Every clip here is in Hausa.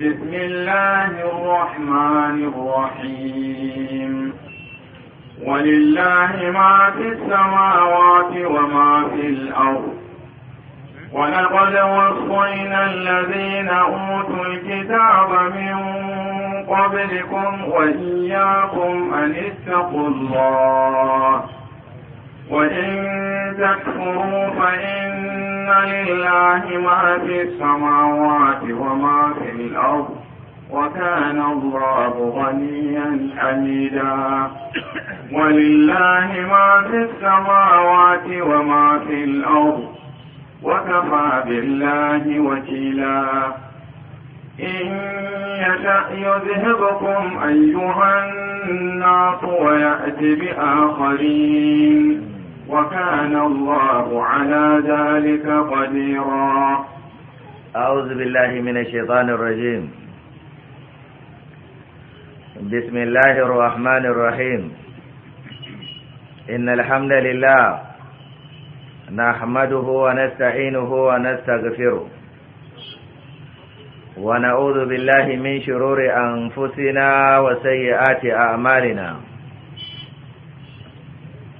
بسم الله الرحمن الرحيم ولله ما في السماوات وما في الأرض ولقد وصينا الذين أوتوا الكتاب من قبلكم وإياكم أن اتقوا الله وإن تكفروا فإن لله ما في السماوات وما في الأرض وكان الله غنيا حميدا ولله ما في السماوات وما في الأرض وكفى بالله وكيلا إن يشأ يذهبكم أيها الناس ويأت بآخرين وكان الله على ذلك قديرا أعوذ بالله من الشيطان الرجيم بسم الله الرحمن الرحيم إن الحمد لله نحمده ونستعينه ونستغفره ونعوذ بالله من شرور أنفسنا وسيئات أعمالنا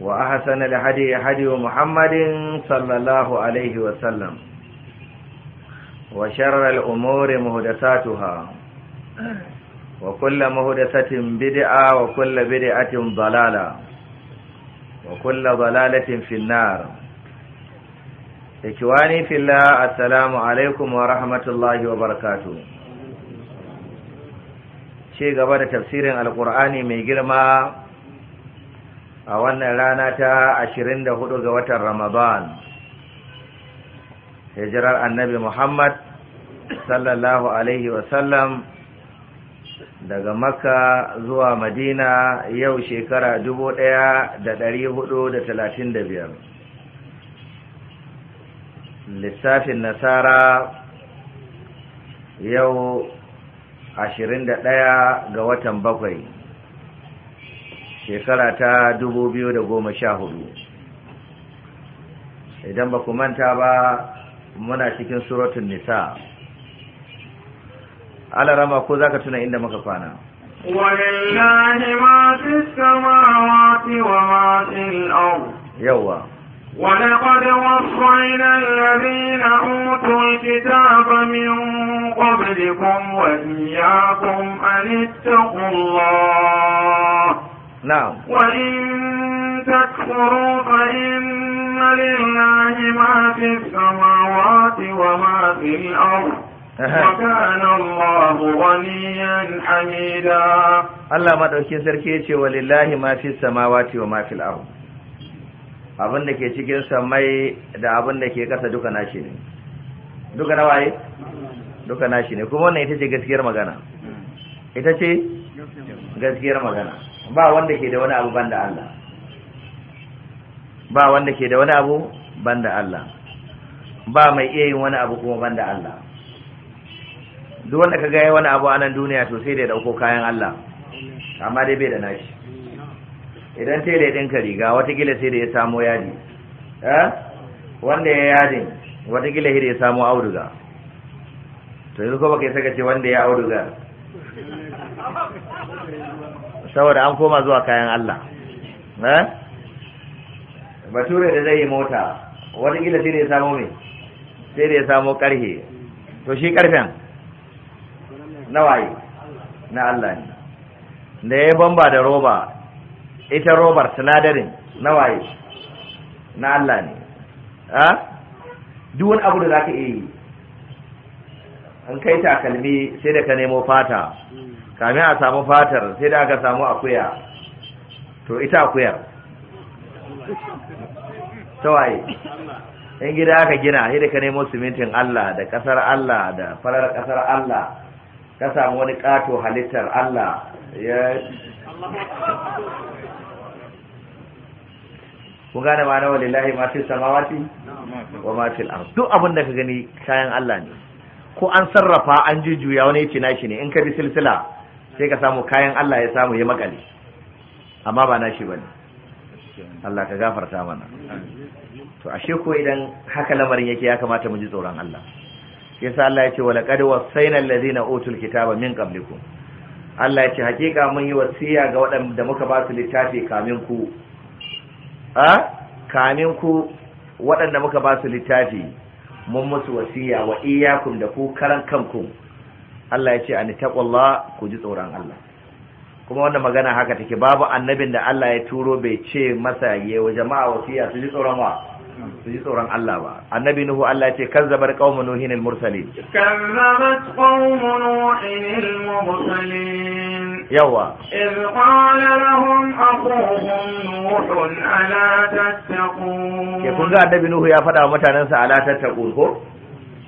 وأحسن الهدي هدي محمد صلى الله عليه وسلم وشر الأمور مهدساتها وكل مهدسة بدعة وكل بدعة ضلالة وكل ضلالة في النار إخواني في الله السلام عليكم ورحمة الله وبركاته شيء قبل تفسير القرآن من جرمه a wannan rana ta 24 ga watan Ramadan hijirar annabi Muhammad sallallahu alaihi wasallam daga makka zuwa madina yau shekara dubu da da biyar. lissafin nasara yau ɗaya ga watan bakwai shekara ta dubu biyu da goma sha hudu. idan ba ku manta ba muna cikin suratun nisa alarama ko za ka tuna inda muka kwana ولله ما في السماوات وما في الأرض يوا ولقد وصينا الذين أوتوا الكتاب من قبلكم وإياكم أن اتقوا الله نعم وإن تكفروا فإن لله ما في السماوات وما في الأرض وكان الله غنيا حميدا الله ما دوكي ولله ما في السماوات وما في الأرض abin da ke cikin samai da abin da ke kasa duka nashi ne duka na waye duka nashi ne kuma wannan ita ce gaskiyar magana ita ce gaskiyar magana ba wanda ke da wani abu banda Allah ba wanda ke da wani abu banda Allah ba mai iya yin wani abu kuma banda Allah duk wanda kaga gaya wani abu a nan duniya to sai da ya dauko kayan Allah amma dai bai da nashi idan tele ɗinka riga watakila sai da ya samo yadi eh? wanda ya yadin watakila sai da ya samo auduga to yanzu ko baka yi saka ce wanda ya auduga saboda an koma zuwa kayan Allah bature da zai yi mota watakila sai da ya samo mai sai da ya samo karhe to shi karfen waye na Allah ne da ya bamba da roba ita robar sinadarin waye na Allah ne a duk wani abu da za ka iya yi an kai takalmi sai da ka nemo fata kamin a samu fatar sai da aka samu akuya to ita akuyar tawaye in gida aka gina sai da ka nemo simintin Allah da kasar Allah da farar kasar Allah ka samu wani kato halittar Allah ya ku gane ma na walillahi ma fi samawati wa ma al ard duk abin da ka gani kayan Allah ne ko an sarrafa an jujjuya wani yace nashi ne in ka bi silsila sai ka samu kayan Allah ya samu ya makale amma ba na ba bane Allah ka gafarta mana to ashe ko idan haka lamarin yake ya kamata mu ji tsoron Allah yasa Allah ya ce wala qad wasayna allazina utul kitaba min qablikum Allah ya ce hakika mun yi wasiya ga waɗanda muka ba su littafi kamin ku a kamin ku waɗanda muka ba su littafi mun musu wasiya wa iyakum da ku karan kanku Allah ya ce an taqwallah ku ji tsoron Allah kuma wannan magana haka take babu annabin da Allah ya turo bai ce masa ya wa jama'a wasiya su ji tsoron wa su ji tsoron Allah ba annabi nuhu Allah ya ce kazzabar qaumun nuhin al mursalin kazzabat qaumun nuhin al mursalin yawa in qala lahum aquhum nuhun ala tattaqun ke kun ga annabi nuhu ya faɗa wa mutanansa ala tattaqun ko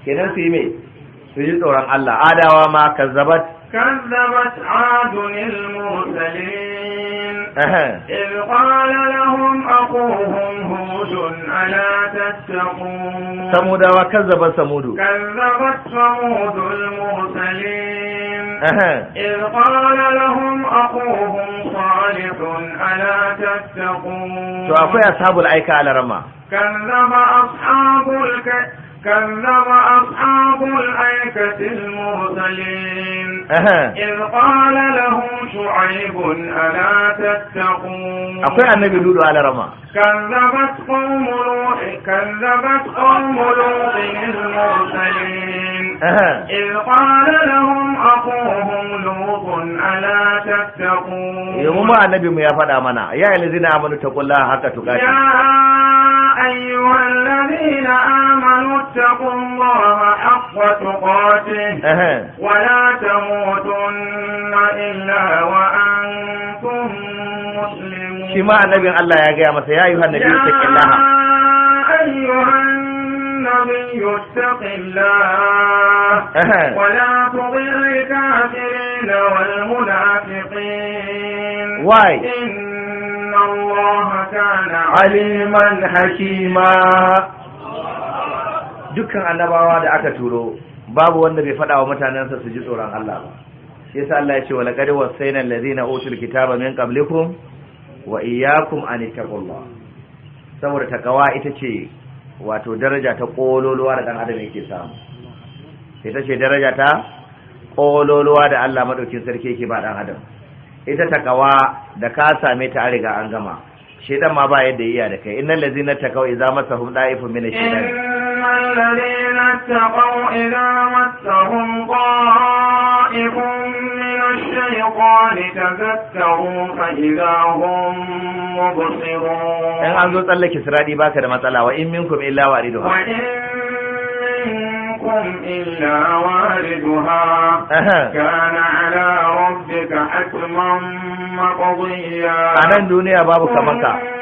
kenan su yi me su ji tsoron Allah adawa ma kazzabat kazzabat adun al إذ قال لهم أخوهم هود ألا تتقون ثمود وكذب ثمود كذبت ثمود المرسلين إذ قال لهم أخوهم صالح ألا تتقون أخوي أصحاب الأيكة على رمى كذب أصحاب الكهف كذب أصحاب الأيكة المرسلين إذ قال لهم شعيب ألا تتقون أقول النبي لولو على رما كذبت قوم لوط كذبت قوم لوط المرسلين إذ قال لهم أخوهم لوط ألا تتقون يوم النبي ما يفعل منا يا الذين آمنوا اتقوا الله حق تقاته يا أيها الذين آمنوا واتقوا الله حق تقاته ولا تموتن إلا وأنتم مسلمون شما النبي الله يا جماعة يا أيها النبي اتق الله أيها النبي اتق الله ولا تطع الكافرين والمنافقين واي إن الله كان عليما حكيما dukkan annabawa da aka turo babu wanda bai faɗa wa mutanensa su ji tsoron Allah ba shi yasa Allah ya ce wa laqad wasayna allazina utul kitaba min qablikum wa iyyakum an taqullah saboda takawa ita ce wato daraja ta kololuwa da dan adam yake samu ita ce daraja ta kololuwa da Allah madaukin sarki yake ba dan adam ita takawa da ka same ta an riga an gama shedan ma ba yadda iya da kai innal ladzina takaw idza masahum da'ifun min ash-shaytan إن الذين اتقوا إذا مسهم طائف من الشيطان تذكروا فإذا هم مبصرون إن أنزل تلك إسرائيل باكر مثلا وإن منكم إلا واردها وإن منكم إلا واردها كان على ربك حكما مقضيا أنا الدنيا بابك مكة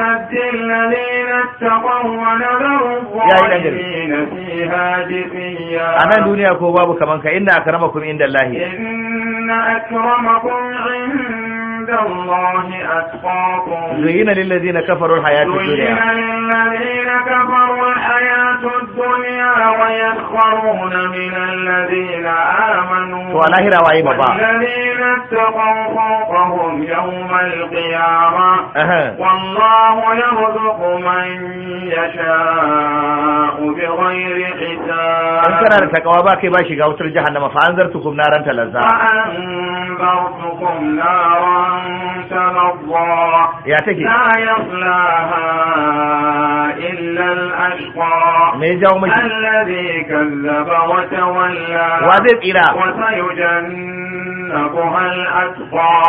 نُنَجِّي الَّذِينَ اتَّقَوْا وَنَذَرُ الظَّالِمِينَ فِيهَا جِثِيًّا أنا دنيا كو بابو كمان كإن أكرمكم عند الله إن أكرمكم عند عند الله أتقاكم زين للذين كفروا الحياة الدنيا زين للذين كفروا الحياة الدنيا ويسخرون من الذين آمنوا والذين اتقوا فوقهم يوم القيامة أه. والله يرزق من يشاء بغير حساب أن كان التقوى باكي باشي قوتر جهنم فأنذرتكم نارا تلزا فأنذرتكم نارا تلظى يا تكي لا يصلاها إلا الأشقى الذي كذب وتولى وسيجنبها الأتقى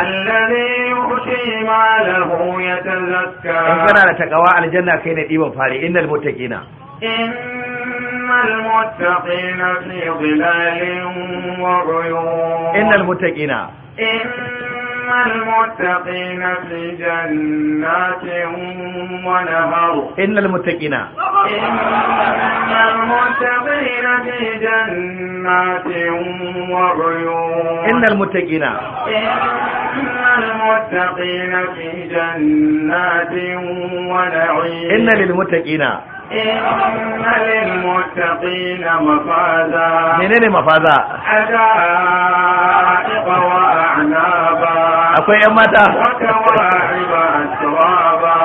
الذي يؤتي ماله يتزكى إن كان على تقوى الجنة كان إيمان فاري إن المتقين إن المتقين في ظلال وعيون إن المتقين إن المتقين في جنات ونهر إن المتقين إن المتقين في جنات وعيون إن المتقين إن المتقين في جنات ونعيم إن للمتقين إن للمتقين مفازا منين مفازا حدائق وأعنابا أكو يا متى وكواعب أترابا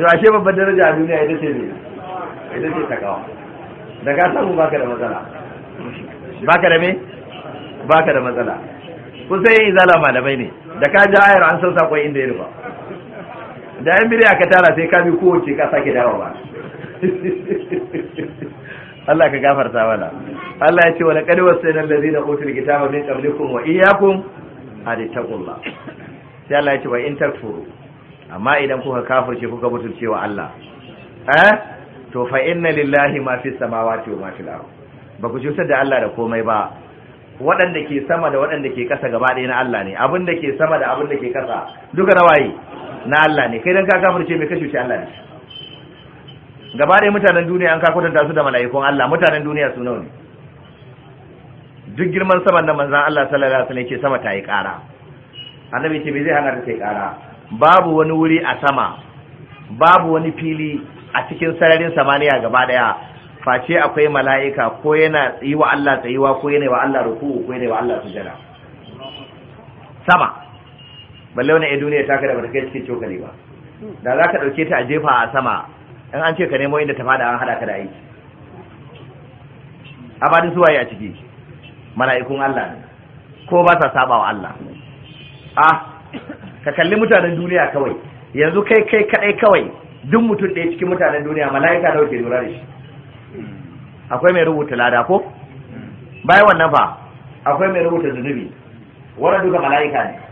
Yashe babban daraja a duniya ita ce ne, ita ce takawa. Da ka samu baka da matsala. Baka da me? Baka da matsala. Kusa yin izala malamai ne, da ka ji ayar an san sakon inda ya rufa. da yan bid'a ka tara sai ka bi kowace ka sake dawo ba Allah ka gafarta mana Allah ya ce wa laqad wasayna allazina utul kitaba min qablikum wa iyyakum an taqullah sai Allah ya ce wa in takfuru amma idan kuka kafirce kuka butulce wa Allah eh to fa inna lillahi ma fi samawati wa ma fil ard ba ku cutar da Allah da komai ba waɗanda ke sama da waɗanda ke ƙasa gaba ɗaya na Allah ne abin da ke sama da abin da ke ƙasa duka na na Allah ne kai dan ka kafirce mai kashe Allah ne gaba da mutanen duniya an ka kwatanta su da mala'ikun Allah mutanen duniya su nawa ne duk girman saman da manzon Allah sallallahu alaihi wasallam yake sama ta yi ƙara annabi ce bai zai hana ta yi ƙara babu wani wuri a sama babu wani fili a cikin sararin samaniya gaba daya face akwai mala'ika ko yana yi wa Allah tsayuwa ko yana yi wa Allah ruku ko yana yi wa Allah sujada sama balle wannan ya duniya taka da ta kai cikin cokali ba da za ka ɗauke ta a jefa a sama in an ce ka nemo inda ta fada an haɗa ka da aiki abadin waye a ciki mala'ikun Allah ko ba sa saba wa Allah ah ka kalli mutanen duniya kawai yanzu kai kai kadai kawai duk mutum ɗaya cikin mutanen duniya mala'ika da ke lura da shi akwai mai rubuta lada ko bayan wannan fa akwai mai rubuta zunubi wannan duka mala'ika ne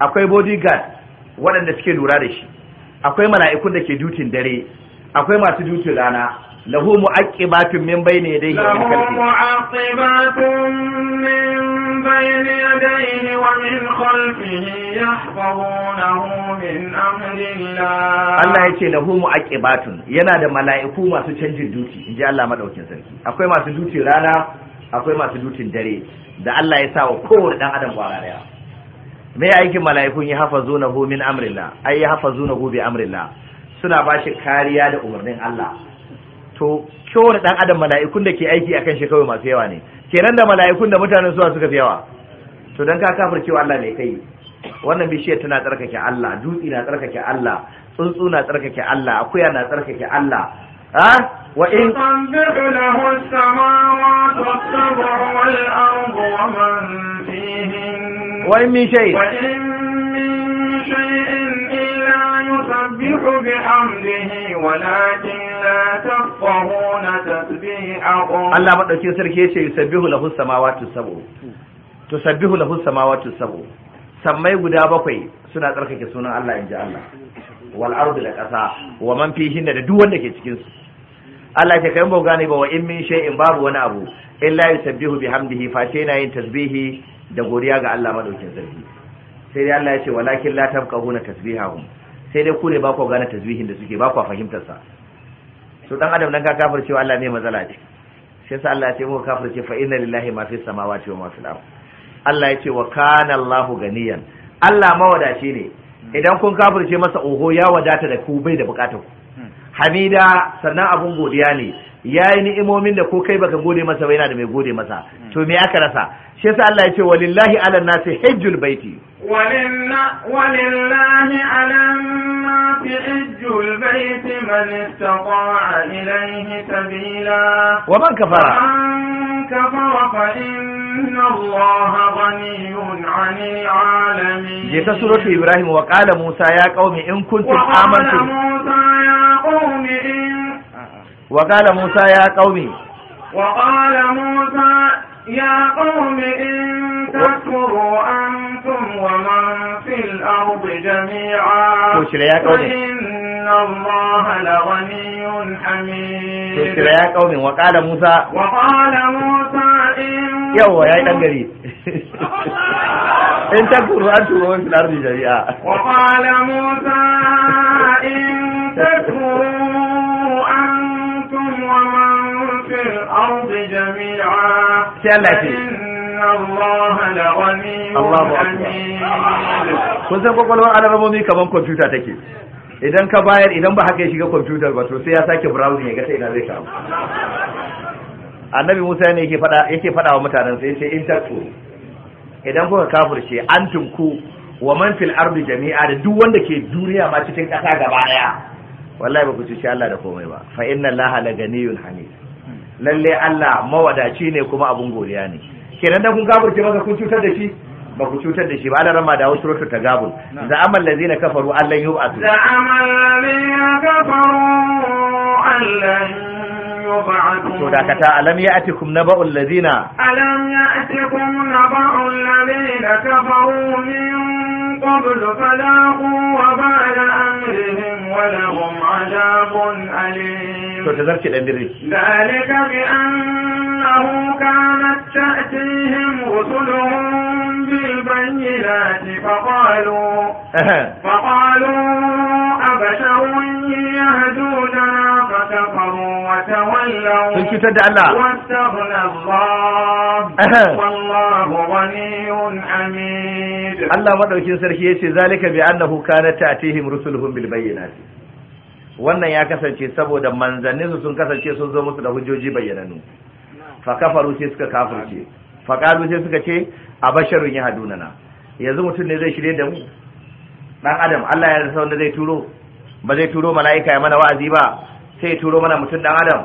akwai bodyguard waɗanda suke lura da shi akwai mala'ikun da ke dutin dare akwai masu dutin rana lahu mu'aqibatun min bayni yadayhi wa min khalfihi mu'aqibatun min bayni yadayhi wa min khalfihi yahfazunahu min amrillah Allah yace lahu mu'aqibatun yana da mala'iku masu canjin duti inji Allah madaukin sarki akwai masu dutin rana akwai masu dutin dare da Allah ya sa wa kowane dan adam kwara daya me aikin mala'ikun ya hafa zuna na min amrilla ai ya hafa zuna na bi amrilla suna ba shi kariya da umarnin Allah to kowane dan adam mala'ikun da ke aiki akan shi kawai masu yawa ne kenan da mala'ikun da mutanen suwa suka fi yawa to dan ka kafircewa Allah ne kai wannan bishiyar tana tsarkake Allah dutsi na tsarkake Allah tsuntsu na tsarkake Allah akuya na tsarkake Allah ها وإن تسبح وإن من شيء وإن من شيء يسبح بحمده ولكن لا تفقهون تسبيحهم الله ما سركي شيء يسبح له السماوات تسبح له السماوات sammai guda bakwai suna tsarkake sunan Allah in ji Allah wal ardu da ƙasa wa man fihin da duk wanda ke cikin su Allah ya kai mu gane ba wa in min shay'in babu wani abu illa sabbihu bihamdihi fa yana yin tasbihi da godiya ga Allah madaukin sarki sai dai Allah ya ce walakin la tabqahuna tasbihahum sai dai ku ne ba ku gane tasbihin da suke ba ku fahimtar sa to dan adam nan ka cewa Allah ne mazala ce sai sa Allah ya ce muka ce fa inna lillahi ma fi samawati wa ma fil ard Allah ya ce wa kana Allahu ganiyan Allah mawadaci ne idan kun kafirce masa oho ya wadata da ku bai da bukatar ku hamida sannan abun godiya ne ya yi ni'imomin da ko kai baka gode masa bai yana da mai gode masa hmm. to me aka rasa shi yasa Allah ya ce walillahi ala nasi hajjul baiti walillahi ala nasi hajjul baiti man istata'a ilayhi sabila wa man kafara man kafara fa je ta surutu ibrahim wa kala musa ya kaumi in kuntum amantum wa musa ya kaumi in takuru antum wa man ya kaumi in ta kuru an turu wani sinar da jari'a wa kwala mota in ta an tunwa ma rufe arzikin jami'a ta yi lafi Allah ba a kuma kusan kwakwalwar alamomi kamar kwamfuta take idan ka bayar idan ba haka ya shiga kwamfutar ba to sai ya sake browsing ya ga ina zai samu annabi musa ne yake fada yake fada wa mutanen sai sai in tattu idan kuka kafirce antum ku wa man fil ardi jami'a da duk wanda ke duniya ma cikin kasa gaba daya wallahi ba ku ci Allah da komai ba fa inna allaha la ganiyun hamid lalle Allah mawadaci ne kuma abun godiya ne kenan da kun kafirce maka kun cutar da shi ba ku cutar da shi ba ala rama da wasu rotu ta gabun da amal da zina kafaru allan yi ba'atu da amal da zina kafaru allan to da kata alam ya ati kum naba'u allazina alam ya ati kum naba'u allazina kafaru min قبل فلاقوا وبال أمرهم ولهم عذاب أليم ذلك بأنه كانت تأتيهم رسلهم بالبينات فقالوا فقالوا أبشر يهدوننا فكفروا وتولوا واستغنى الله والله غني حميد الله sarki ce zalika bi annahu kana ta'tihim rusuluhum bil bayyinat wannan ya kasance saboda manzanninsu sun kasance sun zo musu da hujjoji bayyananu fa kafaru sai suka kafirce fa qalu sai suka ce abasharun na. yanzu mutum ne zai shirye da mu dan adam Allah ya rasa wanda zai turo ba zai turo mala'ika ya mana wa'azi ba sai turo mana mutum dan adam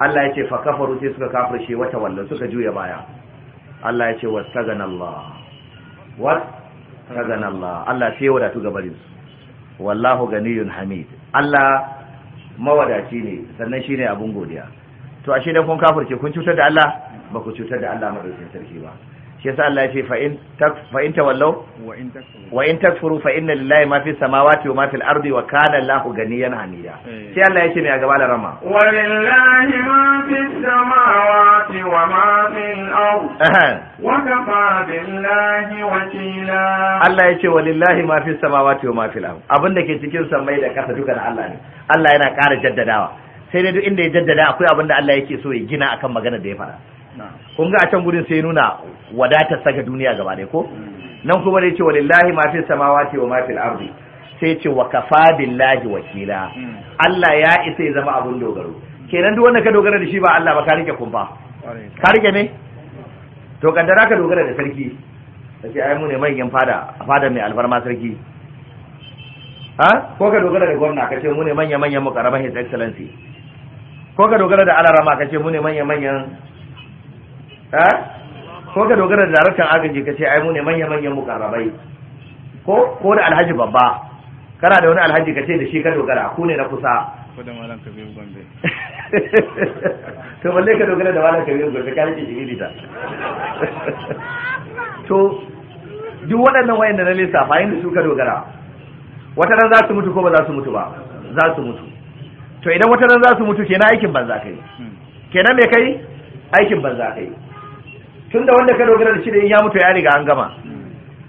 Allah ya ce fa kafaru sai suka kafirce wata wallan suka juya baya Allah ya ce wastagana wa kazan Allah Allah sai wadatu ga su wallahu ganiyun hamid Allah mawadaci ne sannan shine abin godiya to ashe dan kun kafirce kun cutar da Allah ba ku cutar da Allah madaukakin sarki ba shi yasa Allah ya ce fa in fa in tawallaw wa in takfuru fa inna lillahi ma fi samawati wa ma fil ardi wa kana Allahu ganiyan hamida eh. sai Allah ya ce ne a gaba da rama wa lillahi ma fi samawati wa ma fil ardi wa kafa billahi wakila Allah ya ce wa lillahi ma fi samawati wa ma fil ardi abinda ke cikin samai da kasa duka na Allah ne Allah yana ƙara jaddadawa sai dai duk inda ya jaddada akwai abinda Allah yake so ya gina akan magana da ya fara. kun ga a can gudun sai nuna wadatar saka duniya gaba ɗaya ko nan kuma da wa lillahi ma fi samawati wa ma fil ardi sai ce wa kafa billahi wakila Allah ya isa ya zama abun dogaro kenan duk wanda ka dogara da shi ba Allah ba ka rike kumfa ka rike ne to kaddara ka dogara da sarki sai ai mu ne manyan fada a fada mai alfarma sarki ha ko ka dogara da gwamna ka ce mu ne manyan manyan mukarraban his excellency ko ka dogara da alarama ka ce mu ne manyan manyan Eh? ko ka dogara da daraktan agaji ka ce ai mu ne manya manyan karabai ko ko da alhaji babba kana da wani alhaji ka ce da shi ka dogara ku ne na kusa ko da malam kabiru gombe to balle ka dogara da malam kabiru gombe ka rike shi ta to duk waɗannan wayan da na lissafa yin da su ka dogara wata ran za su mutu ko ba za su mutu ba za su mutu to idan wata ran za su mutu kenan aikin banza kai hmm. kenan me kai aikin banza kai tunda wanda ka dogara da shi da in ya mutu ya riga an gama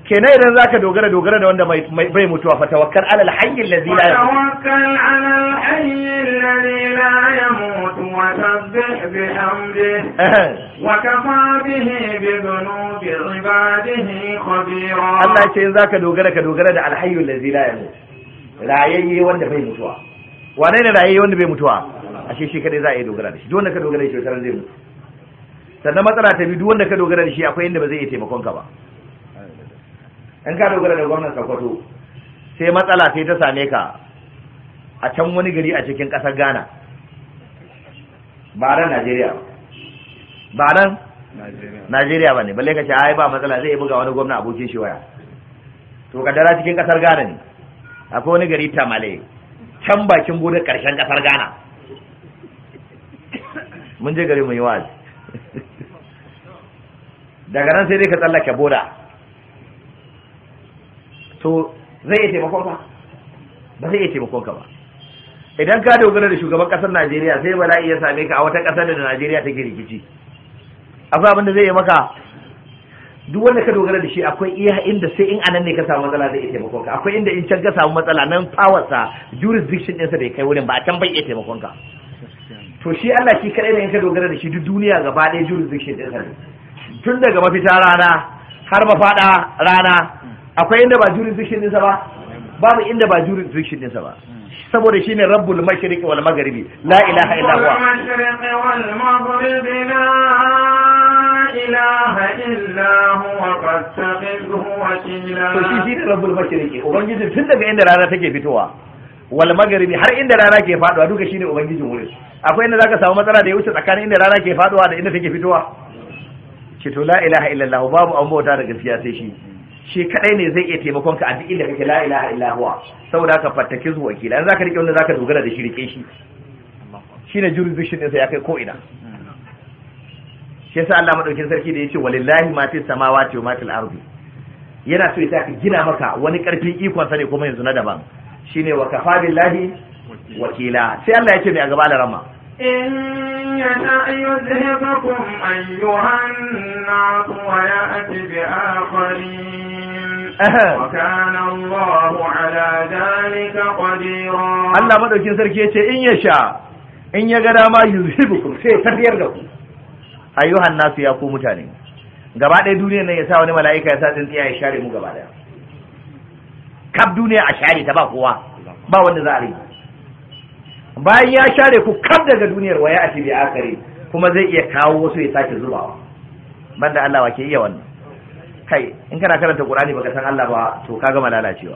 kenan idan zaka dogara dogara da wanda bai mutuwa fa tawakkal ala al alladhi la yamut tawakkal ala alhayy hayy alladhi la yamut wa sabbih bi hamdihi wa kafa bihi bi dhunubi ibadihi khabira Allah ce in zaka dogara ka dogara da al alladhi la yamut rayayye wanda bai mutuwa wane ne rayayye wanda bai mutuwa ashe shi kadai za a yi dogara da shi duk wanda ka dogara da shi wata zai mutu sannan matsala ta biyu duk wanda ka dogara da shi akwai inda ba zai iya taimakon ka ba in ka dogara da gwamnan Sokoto sai matsala sai ta same ka a can wani gari a cikin ƙasar Ghana ba ran Najeriya ba ran Najeriya ba ne balle ka ce ai ba matsala zai buga wani gwamna abokin shi waya to dara cikin kasar Ghana ne akwai wani gari Tamale can bakin bodar karshen kasar Ghana mun je gari mu yi wazi daga nan sai dai ka tsallake boda to zai iya taimakon ka ba zai yi taimakon ka ba idan ka dogara da shugaban kasar Najeriya sai bala'i ya same ka a wata kasar da Najeriya take rikici akwai abin da zai yi maka duk wanda ka dogara da shi akwai iya inda sai in anan ne ka samu matsala zai iya taimakon ka akwai inda in can ka samu matsala nan power sa jurisdiction ɗinsa bai kai wurin ba a can bai iya taimakon ka to shi Allah shi kadai ne yake dogara da shi duk duniya gaba ɗaya jurisdiction ɗinsa ne tun daga mafita rana har mafaɗa rana akwai inda ba jurisdiction ɗinsa ba babu inda ba jurisdiction ɗinsa ba saboda shine rabbul mashriq wal maghribi la ilaha illa huwa to shi ne rabbul mashriq ubangiji tun daga inda rana take fitowa wal magharibi har inda rana ke faduwa duka shine ubangijin wurin akwai inda zaka samu matsala da ya wuce tsakanin inda rana ke faduwa da inda take fitowa ki to la ilaha illallah babu an bauta da gaskiya sai shi shi kadai ne zai iya taimakon ka a duk inda kake la ilaha illallah saboda ka fattake zuwa kila zaka rike wanda zaka dogara da shi rike shi shine jurisdiction din sa ya kai ko ina shi yasa Allah madaukin sarki da yace walillahi ma fi samawati wa ma fil ardi yana so ya ka gina maka wani karfin ikon sa ne kuma yanzu na daban shine wa kafa billahi wakila sai Allah ya ce mai a gaba da rama Allah maɗaukin sarki ya ce in ya sha in ya ga dama yuzhibu ku sai tafiyar da ku ayyuhan nasu ya ku mutane gaba ɗaya duniyar nan ya sa wani mala'ika ya sa tsintsiya ya share mu gaba ɗaya kaf duniya a share ta ba kowa ba wanda za a rage bayan ya share ku kaf daga duniyar waya a tibi akare kuma zai iya kawo wasu ya sake zubawa banda Allah wa ke iya wannan kai in kana karanta Qur'ani baka san Allah ba to ka gama lalacewa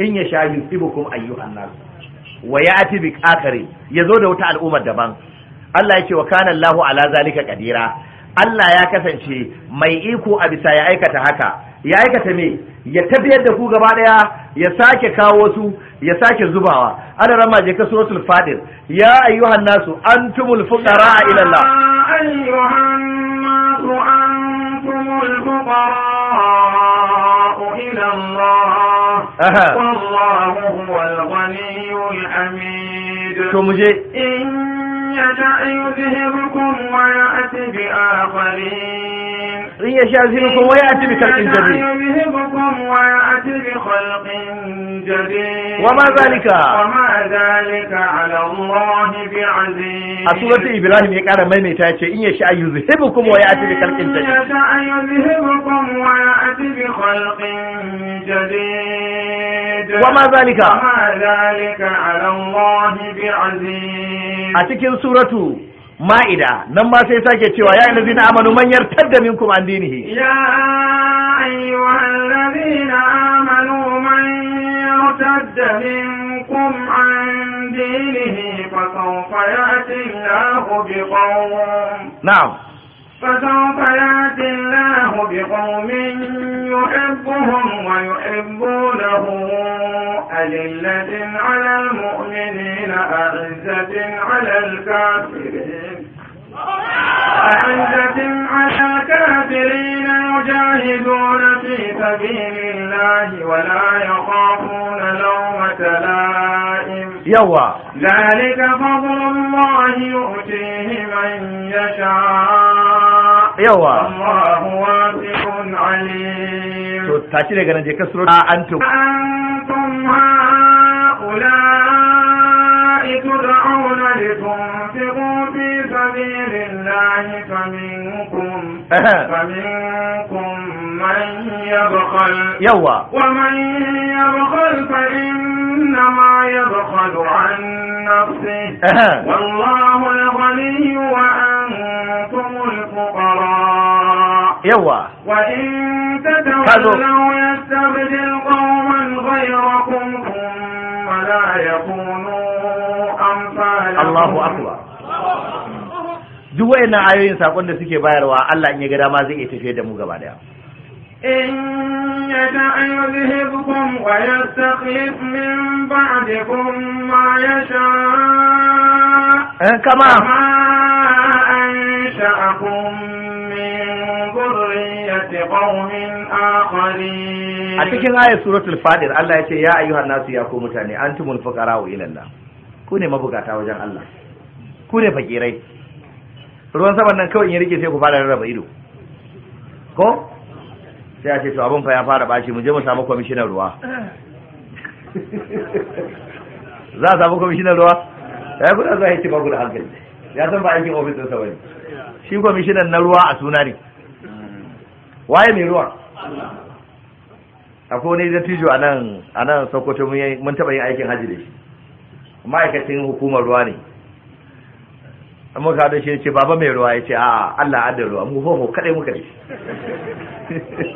in ya sha yusibukum ayyuhan nas wa ya'ti bi akare yazo da wata al'ummar daban Allah yake wa kana Allahu ala zalika qadira Allah ya kasance mai iko a bisa ya aikata haka ya aikata me ya tafiyar da ku gaba daya ya sake kawo su ya sake zubawa ana rama je ka suratul fadir ya ayyuhan nasu antumul fuqara ila Allah ayyuhan nasu antumul fuqara ila Allah wallahu huwal ghaniyyul hamid to muje يشاء يذهبكم ويأتي بآخرين إن يشاء يذهبكم ويأتي بخلق جديد يذهبكم ويأتي بخلق جديد وما ذلك وما ذلك على الله بعزيز سورة إبراهيم يقال ما إن يشاء يذهبكم ويأتي بخلق جديد إن يشاء يذهبكم ويأتي بخلق جديد وما ذلك وما ذلك على الله بعزيز أتكين سورة ma'ida nan ma sai sake cewa ya ayyuhal na amanu manyar yartadda minkum an dinihi ya ayyuhal ladina amanu man yartadda minkum an dinihi fa sawfa ya'ti Allahu biqawm na'am فسوف ياتي الله بقوم يحبهم ويحبونه أذلة على المؤمنين أعزة على الكافرين أعزة على الكافرين يجاهدون في سبيل الله ولا يخافون لومة لائم يوا ذلك فضل الله يؤتيه من يشاء يوا الله واسع عليم to tashi daga nan je ka sura antum antum haula تدعون لتنفقوا في سبيل الله فمنكم فمنكم من يبخل يوا ومن يبخل فإنما يبخل عن نفسه والله الغني وأنتم الفقراء يوا وإن تتولوا يستبدل قوما غيركم ثم ولا يكونوا أمثالكم الله أكبر duk wayannan ayoyin sakon da suke bayarwa Allah in ya ga dama zai iya tafiye da mu gaba daya يشأ a cikin ayat suratul fadir Allah ya ce ya ayyuha nasu ya ku mutane antumul fuqara wa ila Allah ku ne mabugata wajen Allah ku ne fakirai ruwan saman nan kawai in rike sai ku fara rarraba ido ko sai a ce to abin fa ya fara bashi mu je mu samu kwamishinan ruwa za a samu kwamishinan ruwa ya eh, kuna za a ce ba guda hankali ya san ba aikin ofis ɗinsa wani shi kwamishinan na ruwa a suna ne waye mai ruwa akwai wani dattijo a nan a nan sokoto mun taɓa yin aikin hajji da shi ma'aikacin hukumar ruwa ne amma ka da shi ce baba mai ruwa ya ce a Allah adda ruwa mu ho kadai muka ne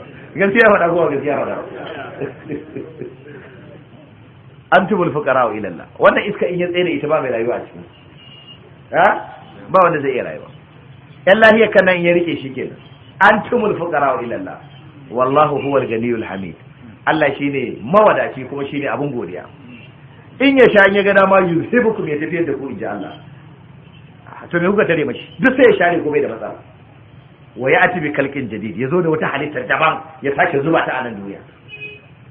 gaskiya faɗa kuma gaskiya faɗa an tubul fuqara wa ilallah wannan iska in ya tsere ita ba mai rayuwa a cikin ha ba wanda zai iya rayuwa yan lahiya kan in ya rike shi kenan an tubul fuqara wa ilallah wallahu huwal ganiyul hamid Allah shine mawadaci kuma shine abun godiya in ya sha in ya ga dama yusibukum ya tafiyar da ku inji Allah to me kuka tare mashi duk sai ya share ko bai da matsala wa ya ati bi kalkin jadid zo da wata halittar daban ya sake zuba ta a nan duniya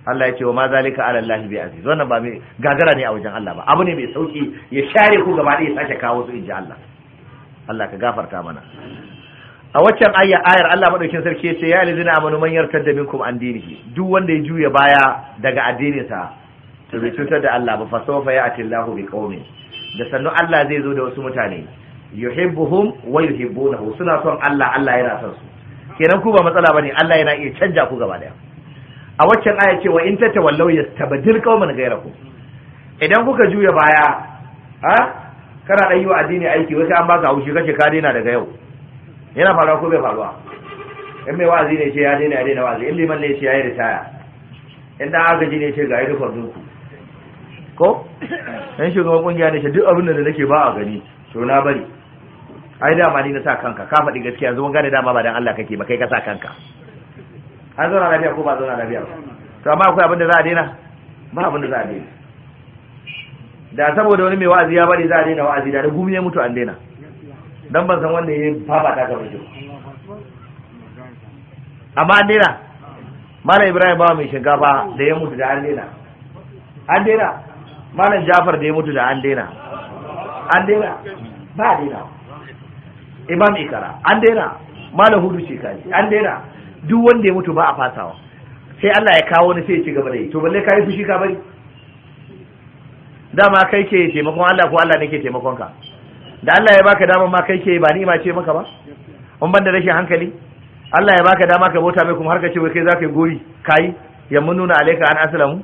Allah ya ce wa ma zalika ala Allah bi aziz wannan ba mai gagara ne a wajen Allah ba abu ne mai sauki ya share ku gaba da ya sake kawo su inji Allah Allah ka gafarta mana a waccan ayya ayar Allah madaukin sarki ya ce ya alizina amanu man yartadda minkum an dinihi duk wanda ya juya baya daga addininsa to bai cutar da Allah ba fa sawfa ya'ti Allahu bi qaumin da sannu Allah zai zo da wasu mutane yuhibbuhum wa yuhibbunahu suna son Allah Allah yana son su kenan ku ba matsala bane Allah yana iya canja ku gaba daya a waccan aya ce wa in tatawallaw yastabdil qauman ghayrakum idan kuka juya baya ha kana dan yi wa addini aiki wata an baka haushi kace ka daina daga yau yana faruwa ko bai faruwa in mai wa'azi ne ce ya daina ya daina wa'azi in liman ne ce ya yi ritaya in dan agaji ne ce ga yi rufar duku ko in shugaban kungiya ne ce duk abin da nake ba a gani to na bari ai dama ni na sa kanka ka faɗi gaskiya zuwan gane dama ba dan Allah kake ba kai ka sa kanka an zauna lafiya ko ba zauna lafiya ba to amma akwai abin da za a daina ba abin da za a daina da saboda wani mai wa'azi ya bari za a daina wa'azi da gumi ya mutu an daina dan ban san wanda ya baba ta gaba jiyo amma an daina malam ibrahim ba mai shinkafa da ya mutu da an daina an daina malam jafar da ya mutu da an daina an daina ba a daina imam ikara an daina malam hudu ce kaji an daina duk wanda ya mutu ba a fasawa sai Allah ya kawo wani sai ya ci gaba da yi to balle kai fushi ka bari dama kai ke taimakon Allah ko Allah ne ke taimakon ka da Allah ya baka dama ma kai ke ba ni ma ce maka ba in ban da rashin hankali Allah ya baka dama ka bauta mai kuma har ka ce wai kai zaka yi gori kai ya mununa alaika an aslamu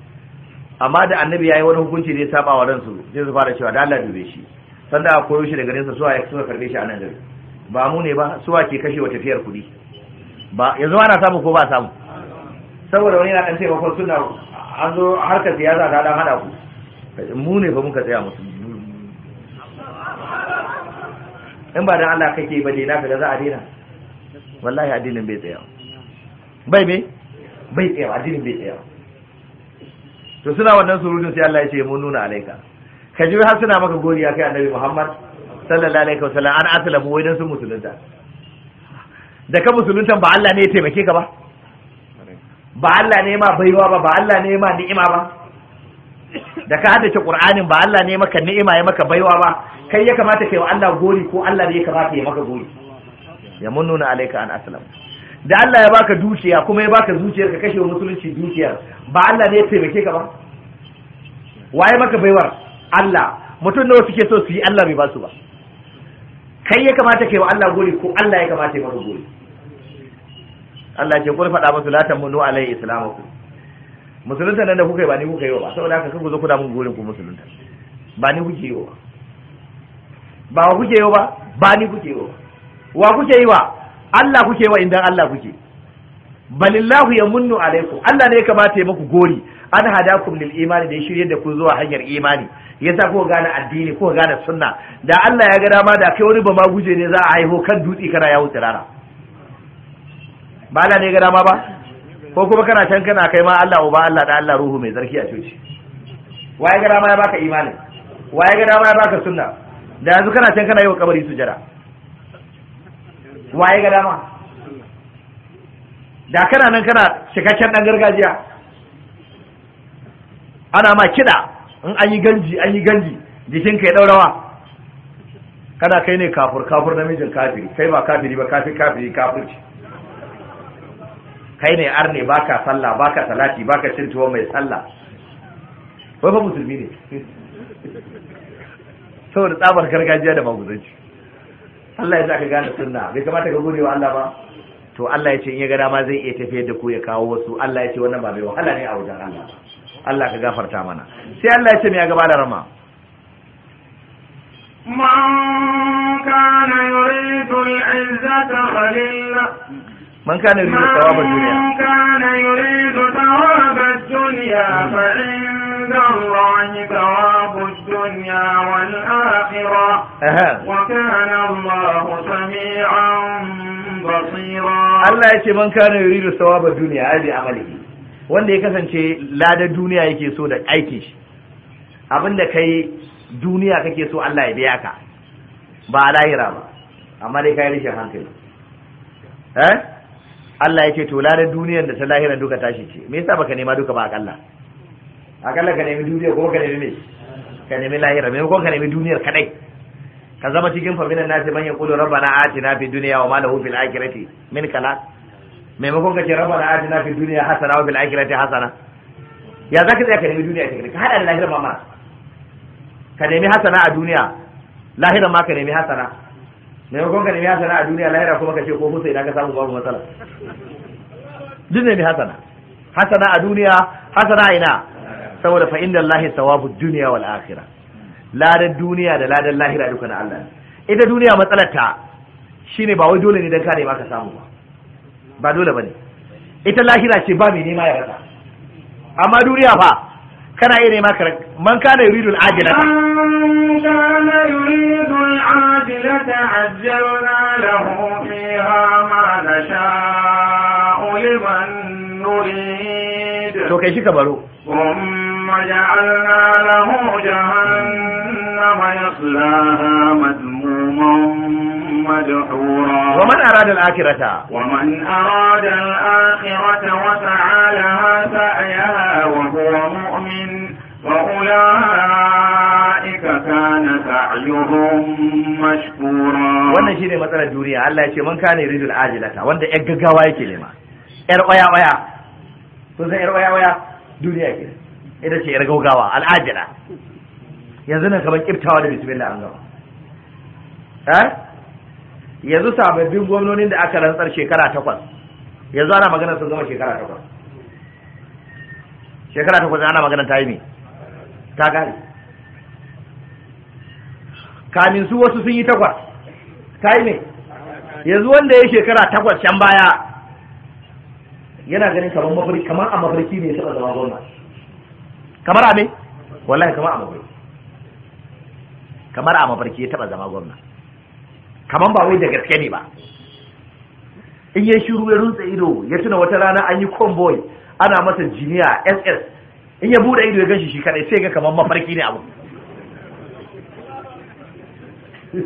amma da annabi ya yi wani hukunci da ya saba wa ransu sai su fara cewa da Allah dube shi sanda a koyo shi daga nesa suwa suka karbe shi a nan gari ba mu ne ba suwa ke kashe wa tafiyar kuɗi ba yanzu ana samu ko ba samu saboda wani yana dan taimakon suna an zo harkar siyasa ta dan hada ku mu ne fa muka tsaya musu in ba dan Allah kake ba dai na ga za a daina wallahi addinin bai tsaya bai bai bai tsaya addinin bai tsaya to suna wannan surutun sai Allah ya ce mun nuna alaika ka ji har suna maka goriya kai annabi Muhammad sallallahu alaihi wasallam an aslamu wai dan sun musulunta da ka musulunta ba Allah ne ya taimake ka ba ba Allah ne ma baiwa ba ba Allah ne ma ni'ima ba da ka haddace Qur'anin ba Allah ne maka ni'ima ya maka baiwa ba kai ya kamata kai wa Allah gori ko Allah ne ya kamata ya maka gori ya mun nuna alaika an aslamu da Allah ya baka dukiya kuma ya baka zuciyar ka kashe musulunci dukiya ba Allah ne ya taimake ka ba waye maka baiwar Allah mutum nawa suke so su yi Allah bai ba su ba kai ya kamata kai wa Allah gori ko Allah ya kamata ya maka gori Allah ya ce faɗa musu la tamunu alai islamu musulunta nan da kuka yi ba ni kuka yi ba saboda haka kuka zo kuna mun gorin ku musulunta ba ni kuke yi ba ba wa kuke yi ba ba ni kuke yi ba wa kuke yi ba Allah kuke wa indan Allah kuke balillahu yamunnu alaikum Allah ne ya kamata ya muku gori an hadakum lil imani da ya shirye da ku zuwa hanyar imani yasa kuka gane addini kuka gane sunna da Allah ya ga dama da kai wani ba ma guje ne za a haihu kan dutse kana yawo rana. ba Allah ne ya ga dama ba ko kuma kana can kana kai ma Allah uba Allah da Allah ruhu mai zarki a coci waye ga dama ya baka imani waye ga dama ya baka sunna da yanzu kana can kana yi wa kabari sujada waye ga dama da kana nan kana cikakken dan gargajiya ana ma kiɗa in an yi ganji an yi ganji ka ya ɗaurawa kana kai ne kafur kafur namijin kafiri kai ba kafiri ba kafir kafiri kafirci kai ne arne baka sallah baka salati baka cin mai sallah wai fa musulmi ne saboda tsabar gargajiya da maguzanci Allah ya ka gane sunna bai kamata ka gode wa Allah ba to Allah ya ce in ya ga dama zai iya tafiyar da ku ya kawo wasu Allah ya ce wannan ba bai wahala ne a wajen Allah ba Allah ka gafarta mana sai Allah ya ce me ya gaba da rama man kana yuridu al-izzata khalilla من كان يريد ثواب الدنيا من كان يريد ثواب الدنيا فإن عند الله ثواب الدنيا والآخرة وكان الله سميعا بصيرا الله يتي من كان يريد ثواب الدنيا هذه عمله wanda ya kasance ladar duniya yake so da aikin shi abinda kai duniya kake so Allah ya biya ka ba a lahira ba amma dai yi rashin hankali eh Allah yake to ladar duniyar da ta lahira duka tashi ce me yasa baka nema duka ba akalla akalla ka nemi duniya kuma ka nemi me ka nemi lahira me ko ka nemi duniyar kadai ka zama cikin faminan nasi man yaqulu rabbana atina fid dunya wa ma lahu fil akhirati min kala maimakon ka ce rabbana atina fid dunya hasana wa fil akhirati hasana ya zaka tsaya ka nemi duniya ce? ka hada da lahira ma mana ka nemi hasana a duniya lahira ma ka nemi hasana maimakon ka nemi hasana a duniya lahira kuma ka ce ko musu idan ka samu babu matsala duk nemi hasana hasana a duniya hasana ina saboda fa inda Allah sawabu duniya wal akhirah ladan duniya da ladan lahira duka na Allah ita duniya matsalar ta shine ba wai dole ne dan ka baka ka samu ba ba dole bane ita lahira ce ba mai nema ya rasa amma duniya fa kana iya nema ka man kana yuridu al ajilata man kana yuridu al ajilata ajjalna lahu fiha ma nasha'u liman nurid to kai shi ka baro وجعلنا له جهنم يصلاها مذموما مدحورا ومن أراد الآخرة ومن أراد الآخرة وسعى لها سعيها وهو مؤمن فأولئك كان سعيهم مشكورا wannan shine matsalar duniya Allah ya ce man kana yuridul ajilata wanda yar gaggawa yake nema yar waya waya kun san yar waya waya duniya yake ita ce yar gaugawa al'ajira yanzu nan kamar kiftawa da bismillah an gama eh? yanzu sababbin gwamnonin da aka rantsar shekara takwas yanzu ana magana sun zama shekara takwas shekara takwas ana magana ta yi ne ta gari kamin su wasu sun yi takwas ta yi ne yanzu wanda ya shekara takwas can baya yana ganin kamar a mafarki ne ya taɓa zama gwamnati kamar a me wallahi kamar a mafarki kamar a mafarki ya taba zama gwamna kamar ba wai da gaske ne ba in ya shiru ya rutsa ido ya tuna wata rana an yi convoy ana masa jiniya ss in ya bude ido ya ganshi shi kadai sai ga kamar mafarki ne abu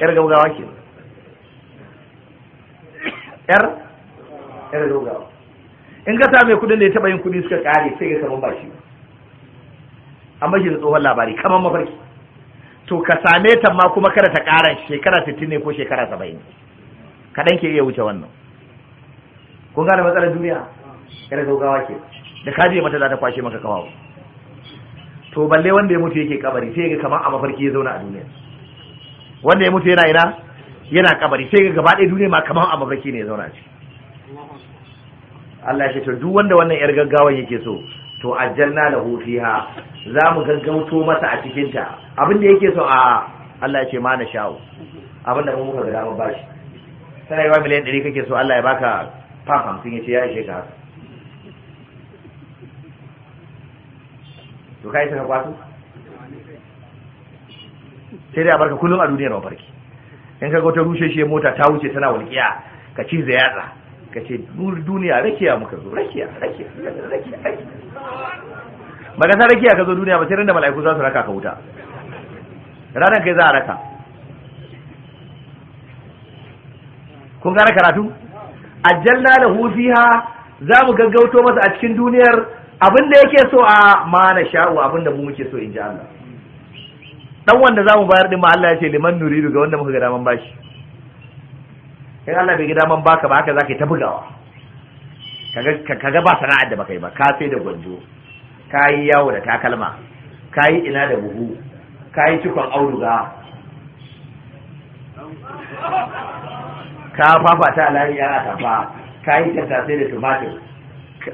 yar gaugawa ke yar yar gaugawa in ka same kudin da ya taba yin kudi suka kare sai ga kaman bashi An bashi shi da tsohon labari kamar mafarki to ka same ta ma kuma kada ta kara shekara 60 ne ko shekara 70 kadan ke iya wuce wannan kun gane matsalar duniya kada gawa ke da kaje mata za ta kwashe maka kawawa to balle wanda ya mutu yake kabari sai ga kamar a mafarki ya zauna a duniya wanda ya mutu yana ina yana kabari sai ga gaba ɗaya duniya ma kamar a mafarki ne ya zauna a ciki Allah shi to duk wanda wannan yar gaggawan yake so to ajjalna lahu fiha za mu gaggauto masa a cikin ta abin da yake so a Allah ya ce ma na sha'u abin da mu muka gada mu bashi sai yawa miliyan 100 kake so Allah ya baka fam 50 yace ya ishe ka to kai saka kwato sai dai a barka kullum a duniyar mafarki in ka ga ta rushe shi mota ta wuce tana walƙiya ka cize yatsa ka ce duniya rakiya muka zo rakiya rakiya rakiya ba rakiya ka zo duniya ba sai ran mala'iku za su raka ka wuta ranar kai za a raka kun gane karatu ajalla da fiha za mu gaggauto masa a cikin duniyar abin da yake so a ma sha'u abin da mu muke so in ji Allah dan wanda za mu bayar din ma Allah ya ce liman nuridu ga wanda muka ga daman bashi sai Allah bai gida man baka ba haka za ta bugawa kaga ba sana'ar da baka yi ba ka sai da gwanjo ka yi yawo da takalma ka ina da buhu ka cikon auduga ka fafata layi yana tafa ka yi sai da tumatir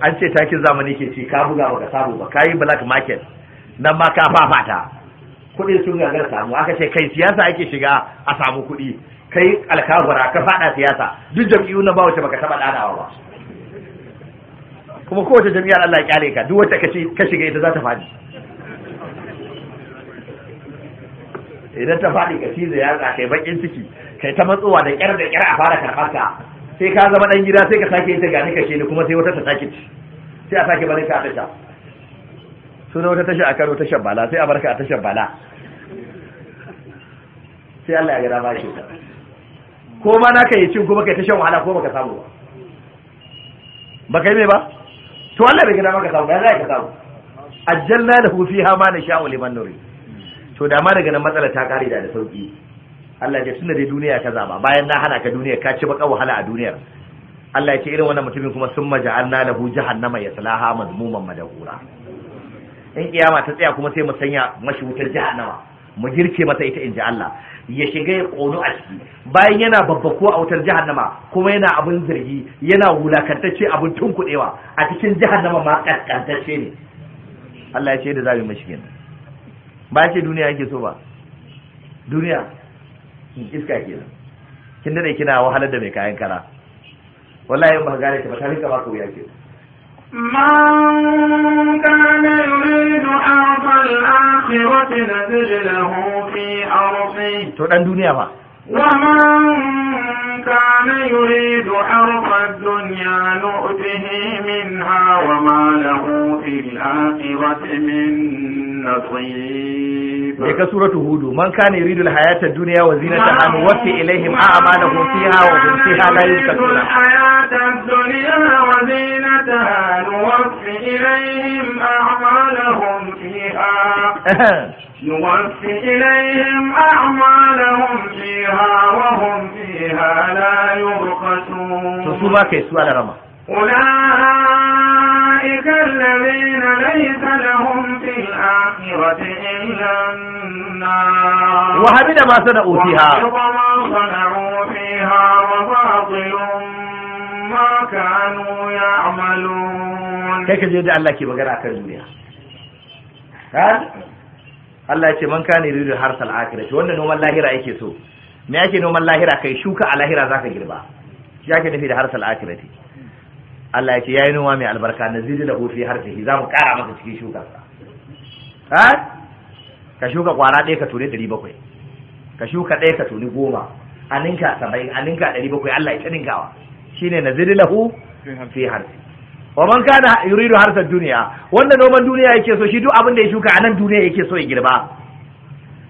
an ce takin zamani ke ci ka buga ba ka samu ba ka black market nan ma ka fafa ta kudi sun gagar samu aka ce kai siyasa ake shiga a samu kuɗi kai alkabara ka fada siyasa duk jam'iyyu na ba wace baka taba danawa ba kuma kowace jam'iyyar Allah ya kyale ka duk wacce ka shiga ita za ta fadi idan ta fadi ka cizo yatsa, kai bakin ciki kai ta matsowa da kyar da kyar a fara karɓar ka sai ka zama dan gida sai ka sake ita gani kashe ni kuma sai wata ta sake ci sai a sake bari ka tasha suna wata tasha a karo tashar bala sai a barka a tashar bala sai Allah ya gara ba shi ko ma naka yi cin ko baka ta shan wahala ko baka samu ba baka yi me ba to Allah bai gida maka samu ba zai ka samu ajjalna lahu fiha ma nasha'u liman nuri to da ma daga nan matsala ta kare da da sauki Allah ya tunda da duniya ka zaba bayan na hana ka duniya ka ci baka wahala a duniyar Allah ya ce irin wannan mutumin kuma sun maja'alna lahu jahannama salaha mazmuman madahura in kiyama ta tsaya kuma sai mu sanya mashi wutar jahannama mu girke mata ita inji Allah ya shiga ya ƙonu a ciki bayan yana babbako a wutar jahannama kuma yana abin zargi yana wulakantacce abin tunkuɗewa a cikin jahannama ma ƙasƙantacce ne Allah ya ce da zabi mashi kenan ba ce duniya yake so ba duniya hmm, iska kenan kin dade kina wahalar da mai kayan kara wallahi ba ga ta ba ta rinka ba ko ya ba من كان يريد حرث الآخرة نزل له في أرضه تودان دنيا ما ومن كان يريد حرث الدنيا نؤته منها وما له في الآخرة من نصيب je ka suratu hudu man kana yuridu al-hayata ad-dunya wa zinataha nuwaffi ilayhim a'malahum fiha wa hum fiha la yuzakkaruna alhayata dunya wa zinataha nuwaffi ilayhim a'malahum fiha نوفي إليهم أعمالهم فيها وهم فيها لا يبخسون تصوبك يسوى لرمى أولئك أولئك الذين ليس لهم في الآخرة إلا النار وهبد ما صنعوا فيها ما صنعوا فيها وباطل ما كانوا يعملون كيف يجد الله كي بقرأ كالدنيا ها Allah ya ce man kana yuridu harsal akhirah wanda noman lahira yake so me yake noman lahira kai shuka a lahira zaka girba shi yake nufi da harsal akhirah Allah ya ce ya yi noma mai albarka na zidi da har harfihi za mu kara maka cikin shuka ka shuka kwara ɗaya ka tuni ɗari bakwai ka shuka ɗaya ka tuni goma a ninka saba'in a ninka ɗari bakwai Allah ya ta ninkawa ne na zidi lahu fi harfi wa man kana yuridu harsar duniya wanda noman duniya yake so shi duk abin da ya shuka a nan duniya yake so ya girba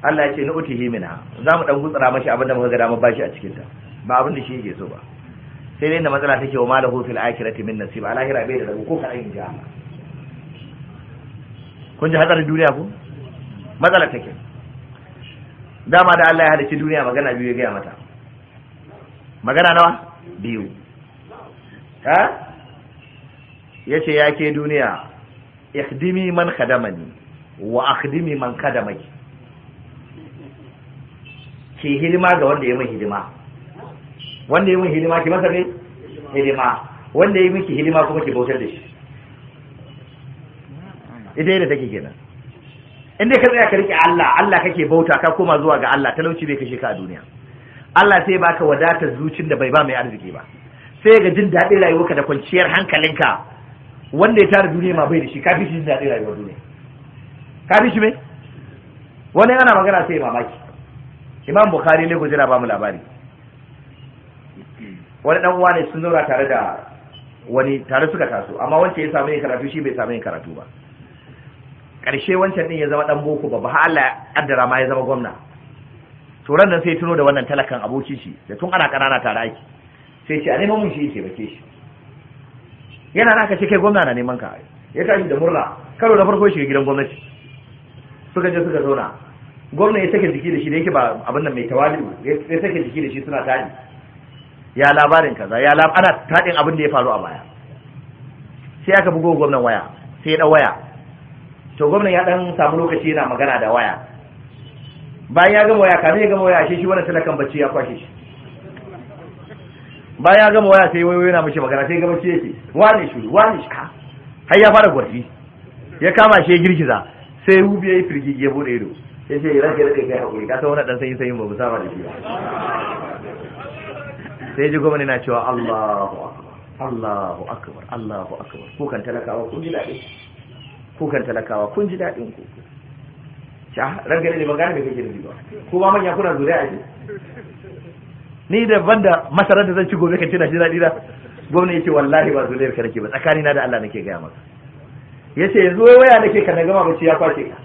Allah ya ce na utihi himina. za mu ɗan gutsura mashi abin da muka ga dama bashi a cikinta. ba abin da shi yake so ba sai dai da matsala take wa malahu fil akhirati min nasib a lahira bai da rabu ko kadan inji Allah kun ji hatsarin duniya ko matsala take dama da Allah ya halicci duniya magana biyu ya gaya mata magana nawa biyu ha yace ya ke duniya ikhdimi man khadamani wa akhdimi man khadamaki ke hidima ga wanda ya mai hidima wanda ya mun hidima ki masa ne hidima wanda ya miki hidima kuma ki bautar da shi ita yadda take kenan in dai ka tsaya ka rike Allah Allah kake bauta ka koma zuwa ga Allah talauci bai kashe ka a duniya Allah sai baka wadatar zucin da bai ba mai arziki ba sai ga jin daɗin rayuwarka da kwanciyar hankalinka wanda ya tara duniya ma bai da shi ka fi shi jin daɗin rayuwar duniya ka fi shi me wani yana magana sai mamaki imam bukhari ne gujira ba mu labari wani dan wane ne sun zauna tare da wani tare suka taso amma wancan ya samu yin karatu shi bai samu yin karatu ba karshe wancan din ya zama dan boko babba har Allah ya addara ma ya zama gwamna to ran nan sai tuno da wannan talakan aboki shi da tun ana kanana tare aiki sai ce a neman mun shi yake bake shi yana naka ce kai gwamna na neman ka ya tashi da murna karo da farko shiga gidan gwamnati suka je suka zauna gwamna ya sake jiki da shi da yake ba abin nan mai tawali ya sake jiki da shi suna tari ya labarin kaza ya lab ana taɗin abin da ya faru a baya sai aka bugo gwamnan waya sai ya waya to gwamnan ya dan samu lokaci yana magana da waya bayan ya gama waya kafin ya gama waya shi shi wannan talakan bacci ya kwashe shi bayan ya gama waya sai wayo yana mishi magana sai ga shi yake wani shi wani shi ka?" har ya fara gwarfi ya kama shi ya girgiza sai rubi ya yi firgigi ya bude ido sai sai ranka da kai hakuri ka san wannan dan sanyi sanyin ba mu saba da shi ba sai ji gwamnati na cewa Allahu akbar Allahu akbar Allahu akbar kan talakawa kun ji ku kan talakawa kun ji dadin ku sha rangane ne magana da kake da ba ko ba manya kuna zuriya a ni da banda masarar da zan ci gobe kan tana ji daɗi da gwamnati yace wallahi ba zuriyar ka nake ba tsakani na da Allah nake gaya maka yace yanzu wai waya nake ka na gama bacci ya kwace ka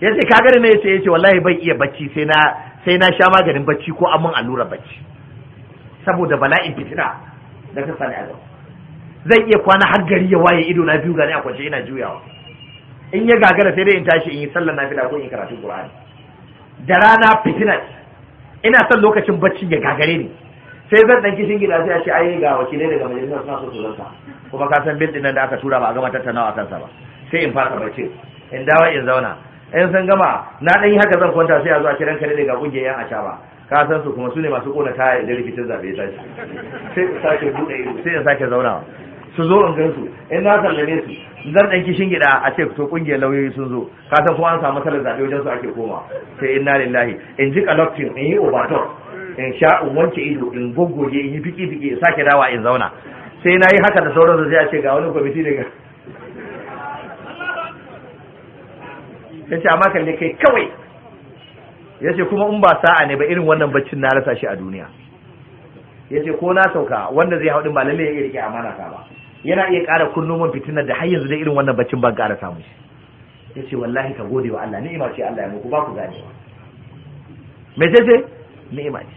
yace ka gari ne yace yace wallahi bai iya bacci sai na sai na sha maganin bacci ko amin allura bacci saboda bala'in fitina da ta sani a zai iya kwana har gari ya waye ido na biyu gani a kwance ina juyawa in ya gagara sai dai in tashi in yi sallar nafila ko in karatu qur'ani da rana fitina ina son lokacin bacci ya gagare ni sai zan dan kishin gida sai a ce ai ga wakilai daga majalisar suna so su kuma ka san bil nan da aka tura ba a gama tattaunawa kansa ba sai in fara bacci in dawo in zauna in san gama na ɗan yi haka zan kwanta sai a zo a kiran kare daga kungiyar yan ba. ka san su kuma su ne masu kona kaya da rikicin zabe ya tashi sai su sake bude ido sai in sake zauna. su zo in gansu in na sallame su zan dan kishin gida a ce to kungiyar lauyoyi sun zo ka san ko an samu matsalar zabe wajen su ake koma sai in na lillahi in ji kaloktin in yi obator in sha in wanke ido in goggoge in yi fiki fiki in sake dawa in zauna sai na yi haka da sauransu sai a ce ga wani kwamiti daga ya ce amma kalle kai kawai yace kuma in ba sa'a ne ba irin wannan baccin na rasa shi a duniya yace ko na sauka wanda zai haɗin ba lalle ya iya rike amana ka ba yana iya ƙara kunnu man fitinar da har yanzu dai irin wannan baccin ban ƙara samu shi yace wallahi ka gode wa Allah ni'ima ce Allah ya muku ba ku gane me ce ce ni'ima ce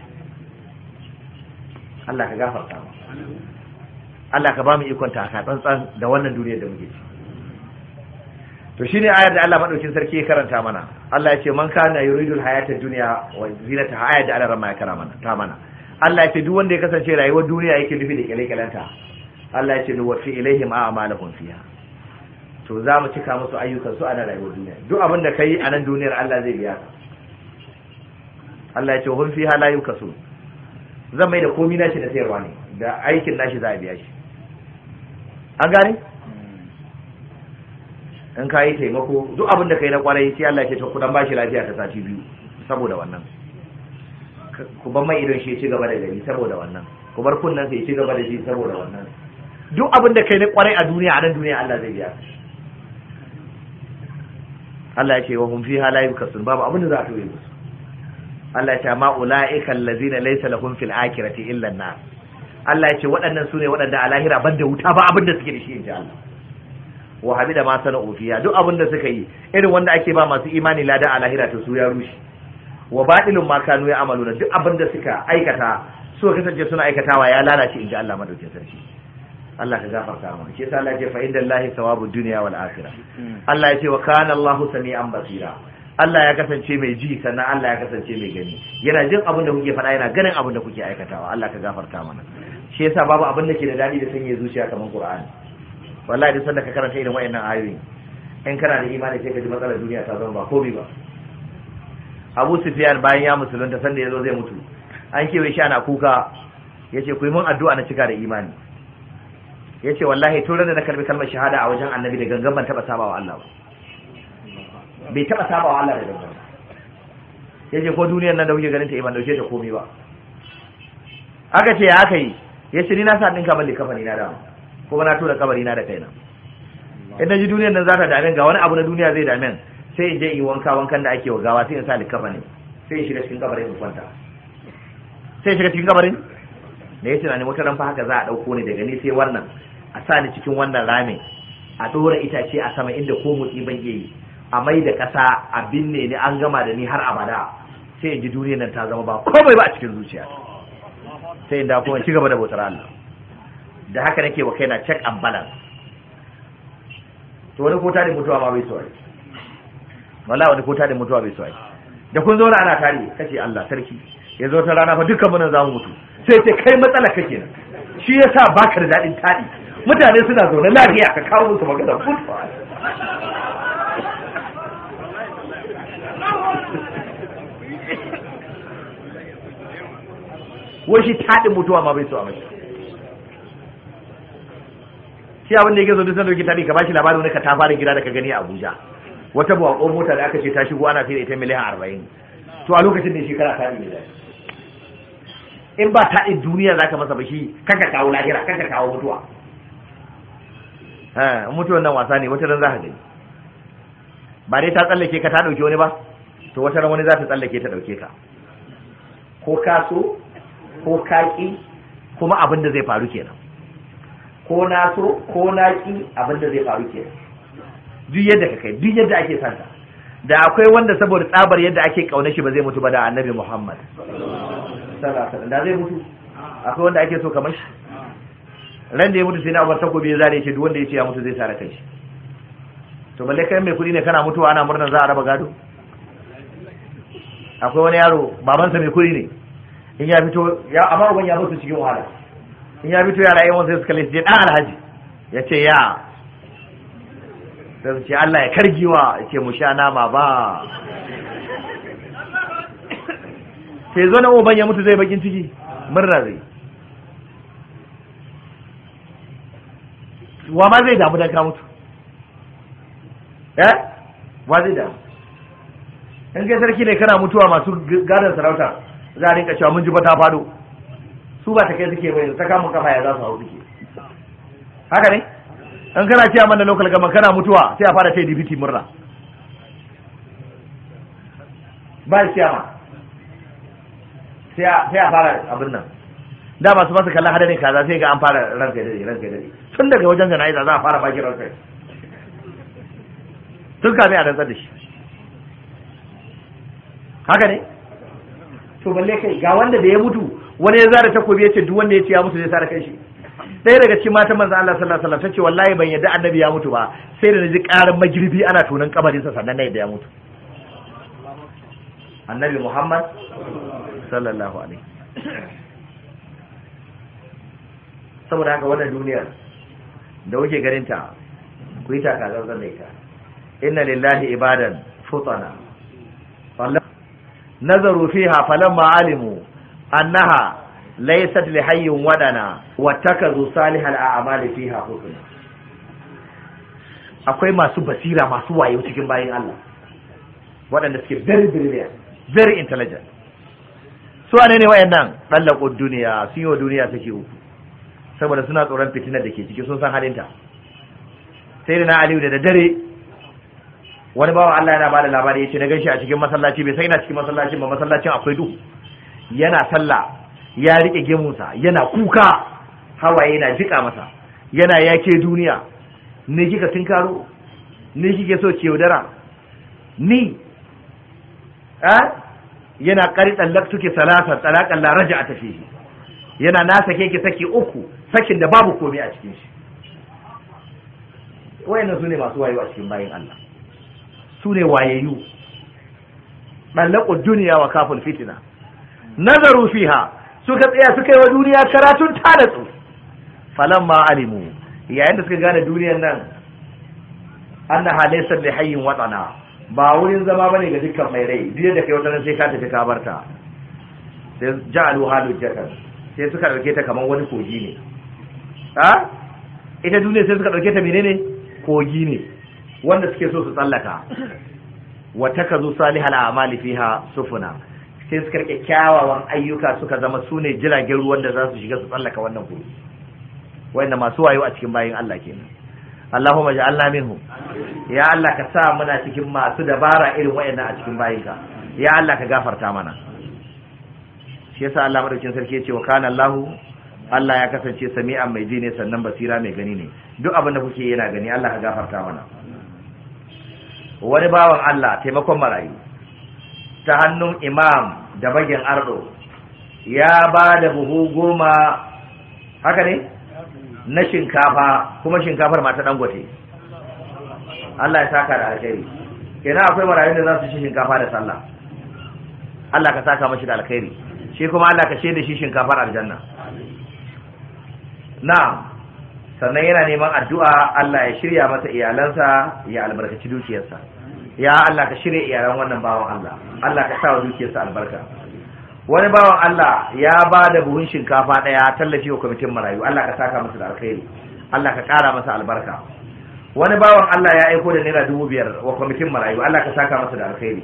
Allah ka gafarta mu Allah ka ba mu ikon ka tsantsan da wannan duniyar da muke ciki to shine ayar da Allah madaukin sarki ya karanta mana Allah ya ce man kana yuridul hayata dunya wa zinata ayar da Allah ya kara mana ta mana Allah ya ce duk wanda ya kasance rayuwar duniya yake nufi da kyalekyalanta Allah ya ce nuwafi ilaihim a'malahum fiha to za mu cika musu ayyukan su a nan rayuwar duniya duk abin da kai a nan duniyar Allah zai biya ka Allah ya ce hun fiha la yukasu zan mai da komai nashi da sayarwa ne da aikin nashi za a biya shi an gane in ka yi taimako duk abin da ka yi na kwarai sai Allah ya ce to kudan bashi lafiya ta sati biyu saboda wannan ku bar mai idon shi ci gaba da gari saboda wannan ku bar kunnan sai ci gaba da shi saboda wannan duk abin da kai na kwarai a duniya a nan duniya Allah zai biya Allah ya ce wa hum fiha la yukasun babu abin da za ta yi musu Allah ya ce ma ulaika allazina laysa lahum fil akhirati illa an-nar Allah ya ce waɗannan sune waɗanda a lahira da wuta ba abin da suke da shi inji Allah wa hamida ma sana ufiya duk abin da suka yi irin wanda ake ba masu imani lada a lahira ta su ya rushe wa batilun ma kanu ya da duk abin da suka aikata suka kasance suna aikatawa ya lalace inda Allah madaukakin sarki Allah ka gafarta mana Ke sa Allah ya ce fa inda Allahi thawabud dunya wal akhirah Allah ya ce wa kana Allahu sami'an basira Allah ya kasance mai ji sannan Allah ya kasance mai gani yana jin abin da kuke faɗa yana ganin abin da kuke aikatawa Allah ka gafarta mana shi yasa babu abin da ke da dadi da sanya zuciya kamar Qur'ani wallahi duk sanda ka karanta irin wayannan ayoyi in kana da imani sai ka ji matsalar duniya ta zama ba komai ba Abu Sufyan bayan ya musulunta sanda yazo zai mutu an kewaye shi ana kuka yace ku yi mun addu'a na cika da imani yace wallahi ran da na karbi kalmar shahada a wajen Annabi da gangan ban taba sabawa Allah ba bai taba sabawa Allah da gangan yace ko duniyar nan da kuke ganin ta eh, ban dauke ta komai ba aka ce ya aka yi yace ni na sa dinka balle kafani na da. kuma na tura kabari na da kaina in na ji duniyar nan za ta dame ga wani abu na duniya zai dame sai in je in wanka wankan da ake wa gawa sai in sa likafa ne sai in shiga cikin kabarin in kwanta sai in shiga cikin kabarin da ya tunani wata ran fa haka za a dauko ni daga ni sai wannan a sa ni cikin wannan rami a ɗora itace a sama inda ko motsi ban yi a mai da kasa a binne ni an gama da ni har abada sai in ji duniyar nan ta zama ba komai ba a cikin zuciya sai in da kuma ci gaba da bautar Allah da haka nake wa kaina check and balance to wani ko tare mutuwa ma bai so ai wallahi wani ko tare mutuwa bai so ai da kun zo ana tare kace Allah sarki ya zo ta rana fa dukkan mun za mu mutu sai ce kai matsala kake nan shi yasa baka da dadin tadi mutane suna zaune lafiya ka kawo musu magana mutuwa wai shi taɗin mutuwa ma bai so a mashi shi abin da yake zo duk sanda kitabi ka bashi labarin wani katafarin gida da ka gani a Abuja wata ko mota da aka ce ta shigo ana fiye da ita miliyan arba'in to a lokacin da shekara ta yi in ba ta in duniya za ka masa ba shi kan ka kawo lahira ka kawo mutuwa eh, mutuwan nan wasa ne wata ran za ka gani ba dai ta tsallake ka ta dauke wani ba to wata ran wani za ta tsallake ta ɗauke ka ko ka so ko ka kuma abin da zai faru kenan ko na so ko na ki abinda da zai faru ke duk yadda ka kai duk yadda ake santa da akwai wanda saboda tsabar yadda ake kauna shi ba zai mutu ba da annabi Muhammad da zai mutu akwai wanda ake so kamar shi ran da ya mutu sai na abar takobi ya zare shi duk wanda ya ce ya mutu zai sare kai shi to balle kai mai kuɗi ne kana mutuwa ana murnar za a raba gado akwai wani yaro babansa mai kuɗi ne in ya fito amma uban ya mutu cikin wahala in ya fito yara yawan sai suka lissi dan alhaji ya ce ya sai ce Allah ya kargiwa ya ce mu sha nama ba sai zo na uban ya mutu zai bakin ciki murna zai wa ma zai damu dan ka mutu eh wa zai damu in kai sarki ne kana mutuwa masu gadon sarauta za a rinka cewa mun ji ba ta fado su ba ta kai suke bai ta kamun kafa ya za su hau suke haka ne in kana ce mana local gama kana mutuwa sai a fara ce dpt murna ba shi ma sai a fara abin nan da masu masu kallon hadarin kaza sai ga an fara ranka dare ranka dare tun daga wajen jana'iza za a fara baki ranka tun kame a rantsar da shi haka ne to balle kai ga wanda da ya mutu wani ya zara takobi ya ce duk wanda ya ce ya mutu zai sare kai shi ɗaya daga cikin matan manzan Allah sallallahu alaihi wasallam tace wallahi ban yadda annabi ya mutu ba sai da naji karan magirbi ana tunan kabarin sa sannan nayi da ya mutu annabi Muhammad sallallahu alaihi saboda haka wannan duniyar da kuke ganin ta ku yi takazar da ita inna lillahi ibadan futana nazaru fiha falamma alimu annaha laysat li hayyin wadana wa takazu salihal a'mali fiha hukm akwai masu basira masu wayo cikin bayin Allah waɗanda suke very brilliant very intelligent su anene ne wayannan dallakon duniya sun yi wa duniya suke uku saboda suna tsoron fitinar da ke ciki sun san halinta sai da na aliyu da dare wani bawan Allah yana bada labari ya ce na ganshi a cikin masallaci bai sai na cikin masallacin ba masallacin akwai duhu yana sallah ya riƙe gemunsa yana kuka hawaye yana jika masa yana yake duniya ne kika tinkaro ne kike so ke yaudara ni a yana kari suke salasa tsalakan laraja a tafi yana na sake ki saki uku sakin da babu komai a cikin shi wayannan su ne masu wayo a cikin bayan Allah su ne wayayyu ɗallaƙo duniya wa kafin fitina nazaru fiha suka tsaya suka yi wa duniya karatun ta da tsu falan ma alimu yayin da suka gane duniyar nan annaha laysa bi hayyin watsana, ba wurin zama ne ga dukkan mai rai duniyar da kai wata sai ka tafi ka barta sai ja'alu halu jakar sai suka dauke ta kamar wani kogi ne ha ita duniya sai suka dauke ta menene kogi ne wanda suke so su tsallaka wa Sani salihal a'mali fiha sufuna sai suka rike kyawawan ayyuka suka zama su ne jiragen ruwan da za su shiga su tsallaka wannan kogi wanda masu wayo a cikin bayin Allah kenan Allahumma ja'alna minhu ya Allah ka sa muna cikin masu dabara irin wayannan a cikin bayinka ya Allah ka gafarta mana shi yasa Allah madaukin sarki ya ce wa kana Allah Allah ya kasance sami'an mai ji ne sannan basira mai gani ne duk abin da kuke yana gani Allah ka gafarta mana wani bawan Allah taimakon marayu ta hannun imam da bagin ardo ya ba da buhu goma haka ne na shinkafa kuma shinkafar mata dangote Allah ya saka da alkhairi Ina akwai marayun da za su ci shinkafa da sallah Allah ka saka mashi da alkhairi shi kuma Allah ka da shi shinkafar aljanna na'am sannan yana neman addu'a Allah ya shirya masa iyalansa ya albarkaci dukiyarsa ya Allah ka shirya iyalan wannan bawan Allah Allah ka sa wa dukiyarsa albarka wani bawan Allah ya ba da buhun shinkafa daya tallafi wa kwamitin marayu Allah ka saka masa da alkhairi Allah ka kara masa albarka wani bawan Allah ya aiko da naira dubu biyar wa kwamitin marayu Allah ka saka masa da alkhairi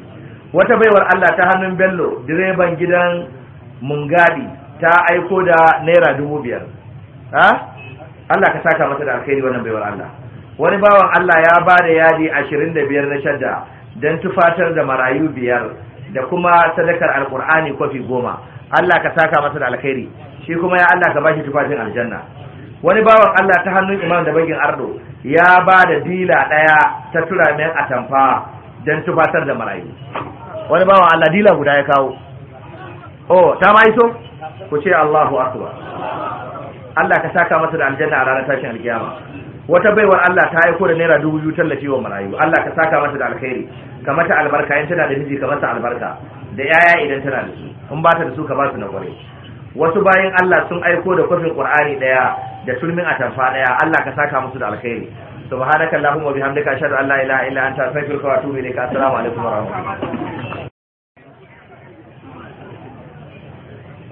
wata baiwar Allah ta hannun Bello direban gidan Mungadi ta aiko da naira dubu biyar Allah ka saka masa da alkhairi wannan baiwar Allah wani bawan Allah ya ba da yadi ashirin da biyar na shadda don tufatar da marayu biyar da kuma sadakar alkur'ani kwafi goma Allah ka saka masa da alkhairi shi kuma ya Allah ka shi tufafin aljanna wani bawan Allah ta hannun imam da bagin ardo ya ba da dila ɗaya ta turamen atamfa don tufatar da marayu wani bawan Allah dila guda ya kawo oh ta ma iso ku ce Allahu akbar Allah ka saka masa da aljanna a ranar tashin alkiyama wata baiwar Allah ta aiko da naira dubu biyu tallafi wa marayu Allah ka saka mata da alkhairi ka mata albarka in tana da miji ka mata albarka da yaya idan tana da su in ba ta da su ka ba su na kware wasu bayan Allah sun aiko da kofin Qur'ani daya da turmin atamfa daya Allah ka saka musu da alkhairi subhanaka allahumma bihamdika ashhadu an la ilaha illa anta astaghfiruka wa atubu ilayka assalamu alaikum wa rahmatullahi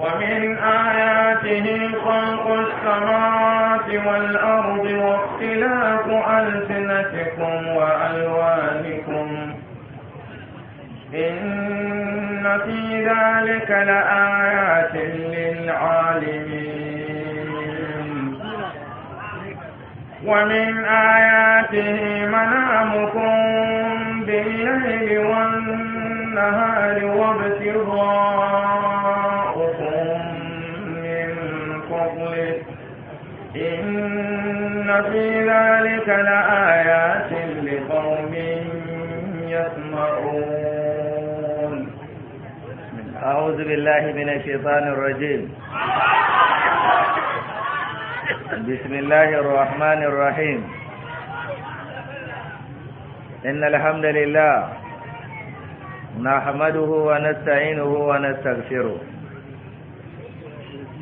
ومن آياته خلق السماوات والأرض واختلاف ألسنتكم وألوانكم إن في ذلك لآيات للعالمين ومن آياته منامكم بالليل والنهار وابتغاء إن في ذلك لآيات لقوم يسمعون أعوذ بالله من الشيطان الرجيم بسم الله الرحمن الرحيم إن الحمد لله نحمده ونستعينه ونستغفره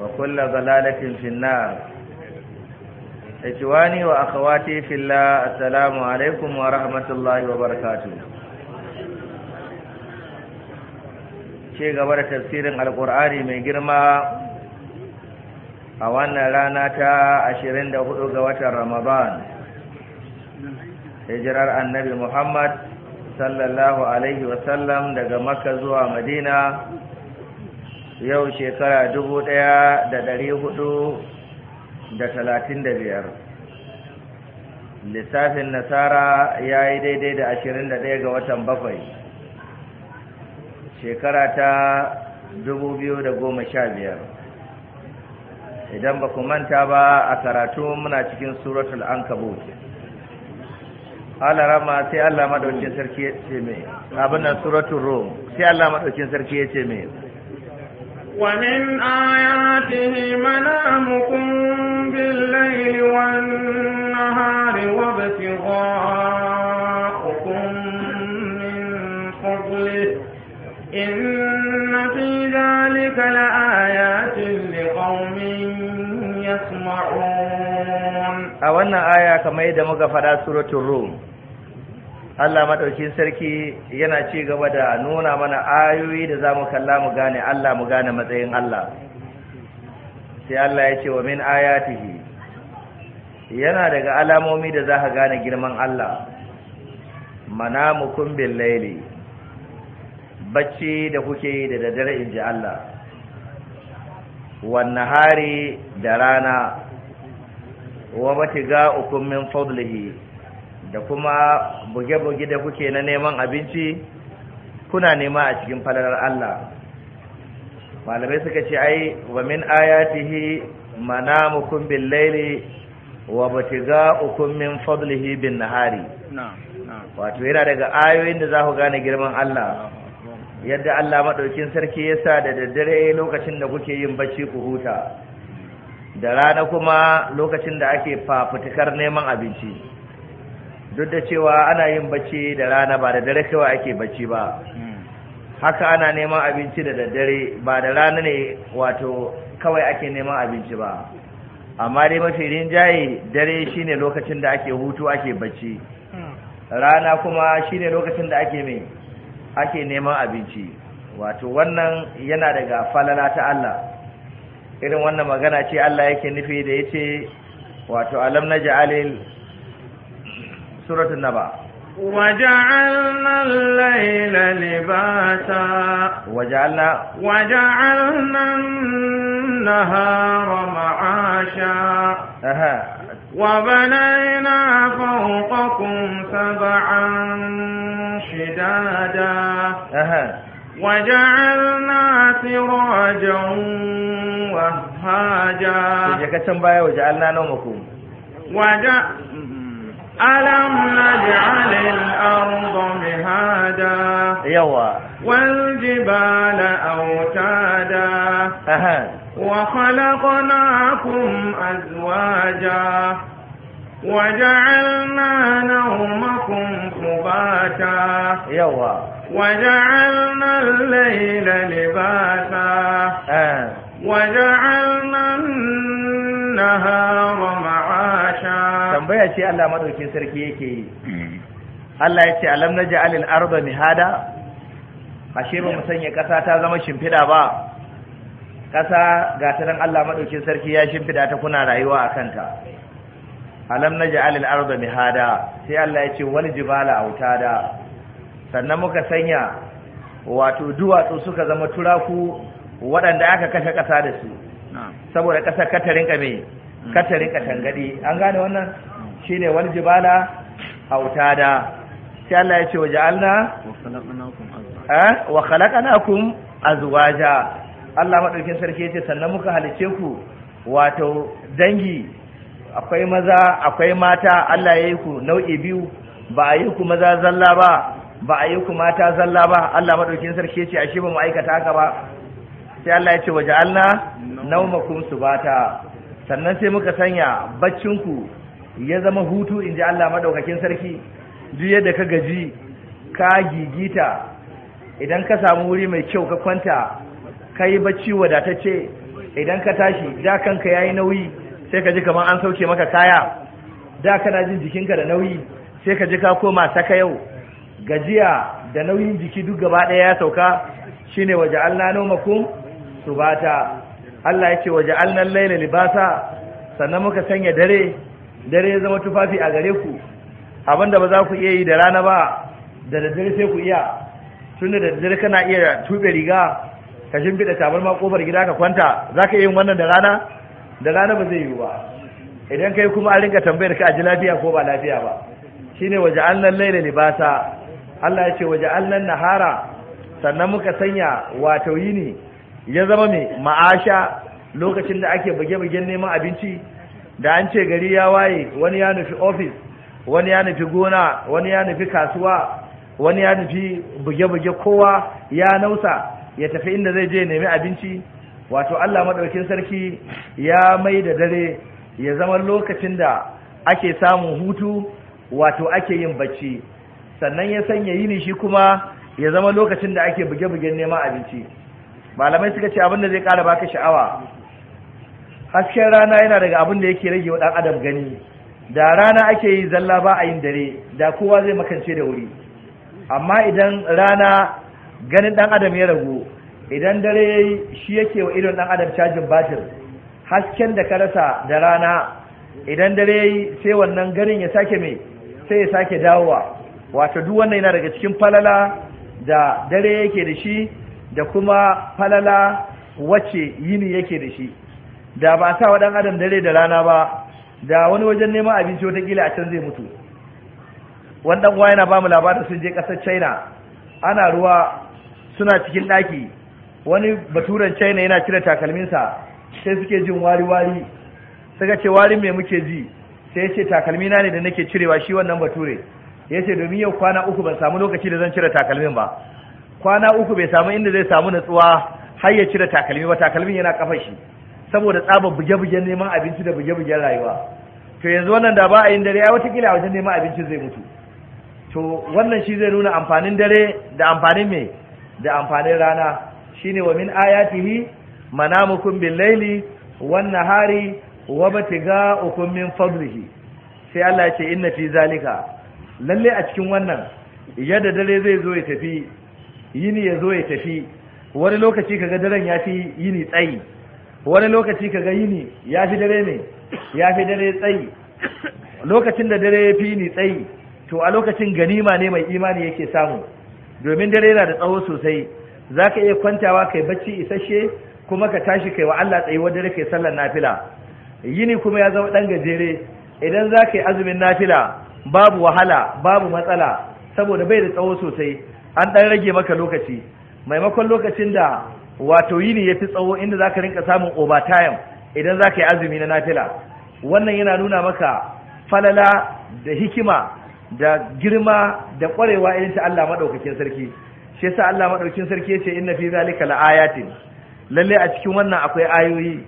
wa kulla dalalatin fi nnar ikhwani wa akhawati fillah assalamu alaikum wa rahmatullahi wa barakatuh Ke gaba da tafsirin alqur'ani mai girma a wannan rana ta 24 ga watan ramadan hijrar annabi muhammad sallallahu alaihi wa sallam daga makka zuwa madina yau shekara dubu ɗaya da ɗari hudu da talatin da biyar lissafin nasara ya yi daidai da ashirin da ɗaya ga watan bakwai shekara ta dubu biyu da goma sha biyar idan ba ku manta ba a karatu muna cikin suratul an kabut alarama sai allah maɗaukin sarki ya ce mai abin nan suratul rom sai allah maɗaukin sarki ya ce mai ومن آياته منامكم بالليل والنهار وابتغاءكم من فضله إن في ذلك لآيات لقوم يسمعون أولا آية كما يدمغ فلا سورة الروم Allah madaukin sarki yana ci gaba da nuna mana ayoyi da zamu kalla mu gane Allah mu gane matsayin Allah sai Allah ya ce wa min ayatihi yana daga alamomi da zaka gane girman Allah manamukum bil laili bacci da kuke da daddare inji Allah wannan hari da rana wa matiga ukun min fadlihi da kuma buge-buge da kuke na neman abinci kuna nema a cikin falalar Allah malamai suka ce ai wa min ayatihi manamukum bil laili wa batiga'ukum min fadlihi bin nahari wato yana daga ayoyin da za ku gane girman Allah yadda Allah maɗaukin sarki ya sa da daddare lokacin da kuke yin bacci ku huta da rana kuma lokacin da ake fafutukar neman abinci duk da cewa ana yin bacci da rana ba da dare kawai ake bacci ba haka ana neman abinci da daddare ba da rana ne wato kawai ake neman abinci ba amma dai mafi rinjaye dare shine lokacin da ake hutu ake bacci rana kuma shine lokacin da ake mai ake neman abinci wato wannan yana daga falala ta Allah irin wannan magana ce Allah yake nufi da yace wato alam naj'alil سورة النبأ وجعلنا الليل لباسا وجعلنا وجعلنا النهار معاشا أها وبنينا فوقكم سبعا شدادا أها وجعلنا سراجا وهاجا وجعلنا نومكم وجعلنا ألم نجعل الأرض مهادا يوا والجبال أوتادا أها وخلقناكم أزواجا وجعلنا نومكم خباتا يوا وجعلنا الليل لباسا أه. وجعلنا nahara ma'asha tambaya ce Allah madaukin sarki yake yi Allah ya ce alam naj'al al-arda mihada ashe ba mu sanya kasa ta zama shimfida ba kasa ga ta nan Allah madaukin sarki ya shimfida ta kuna rayuwa a kanta alam naj'al al-arda mihada sai Allah ya ce wal jibala autada sannan muka sanya wato duwatsu suka zama turaku waɗanda aka kashe ƙasa da su saboda ƙasar katarin ƙame katarin ka an gane wannan shine wani jibala da sai Allah ya ce wa ja'alna eh? wa khalaqnakum azwaja Allah madaukin sarki yace sannan muka halice ku wato dangi akwai maza akwai mata Allah ya yi ku nau'i biyu ba a yi ku maza zalla ba ba a yi ku mata zalla ba Allah madaukin sarki yace ashe ba mu aikata haka ba sai Allah ya ce waje Allah naumakum subata sannan sai muka sanya baccinku ya zama hutu in ji Allah maɗaukakin sarki duk yadda ka gaji ka gigita idan ka samu wuri mai kyau ka kwanta ka yi bacci wadatacce idan ka tashi da kanka ya yi nauyi sai ka ji kamar an sauke maka kaya da kana jin jikinka da nauyi sai ka ji ka koma saka yau gajiya da nauyin jiki duk gaba ɗaya ya sauka shine waje Allah kun? subata Allah ya ce waje allan laila libasa sannan muka sanya dare dare ya zama tufafi a gare ku abinda ba za ku iya yi da rana ba da daddare sai ku iya tunda da daddare kana iya tuɓe riga ka shimfiɗa tabarma kofar gida ka kwanta za ka yin wannan da rana da rana ba zai yiwu ba idan kai kuma a rinka tambayar ka a ji lafiya ko ba lafiya ba shine waje allan laila libasa Allah ya ce waje allan nahara sannan muka sanya wato yini ya zama mai ma'asha lokacin da ake buge-bugen neman abinci da an ce gari ya waye wani ya nufi ofis wani ya nufi gona wani ya nufi kasuwa wani ya nufi buge-buge kowa ya nausa ya tafi inda zai je nemi abinci wato Allah maɗaukin sarki ya mai da dare ya zama lokacin da ake samun hutu wato ake yin bacci sannan ya sanya yini shi kuma ya zama lokacin da ake buge-bugen neman abinci malamai suka ce abin da zai kara baka sha'awa hasken rana yana daga abin da yake rage wa adam gani da rana ake yi zalla ba a yin dare da kowa zai makance da wuri amma idan rana ganin dan adam ya ragu idan dare yi shi yake wa idon dan adam cajin batir hasken da ka rasa da rana idan dare ya yi, sai wannan ganin ya sake mai sai ya sake dawowa wato duk wannan yana daga cikin falala da dare yake da shi da kuma falala wacce yini yake da shi da ba sa waɗan adam dare da rana ba da wani wajen neman abinci watakila a can zai mutu Wannan uwa yana ba mu labarin sun je kasar china ana ruwa suna cikin ɗaki wani baturen china yana cire takalminsa sai suke jin wari-wari suka ce warin me muke ji sai ce takalmina ne da nake cirewa shi wannan bature ya ce domin yau kwana uku ban samu lokaci da zan cire takalmin ba kwana uku bai samu inda zai samu natsuwa har ya cire takalmi ba takalmin yana kafa shi saboda tsaba buge buge neman abinci da buge-bugen rayuwa to yanzu wannan da ba a yin dare ai watakila a wajen neman abinci zai mutu to wannan shi zai nuna amfanin dare da amfanin me da amfanin rana shine wa min ayatihi manamukum bil laili wan nahari wa ukum min fadlihi sai Allah ya ce inna fi zalika lalle a cikin wannan yadda dare zai zo ya tafi yini ya zo ya tafi wani lokaci kaga daren ya fi yini tsayi wani lokaci kaga yini ya fi dare ne ya fi dare tsayi lokacin da dare ya fi yini tsayi to a lokacin ganima ne mai imani yake samu domin dare yana da tsawo sosai za ka iya kwantawa kai bacci isasshe kuma ka tashi kai wa Allah tsayuwar dare kai sallar nafila yini kuma ya zama dan gajere idan za ka yi azumin nafila babu wahala babu matsala saboda bai da tsawo sosai an ɗan rage maka lokaci maimakon lokacin da wato yini ya fi tsawo inda za ka rinka samun overtime idan za ka yi azumi na nafila wannan yana nuna maka falala da hikima da girma da ƙwarewa irin ta Allah maɗaukakin sarki shi yasa Allah maɗaukakin sarki yace inna fi zalika laayatin lalle a cikin wannan akwai ayoyi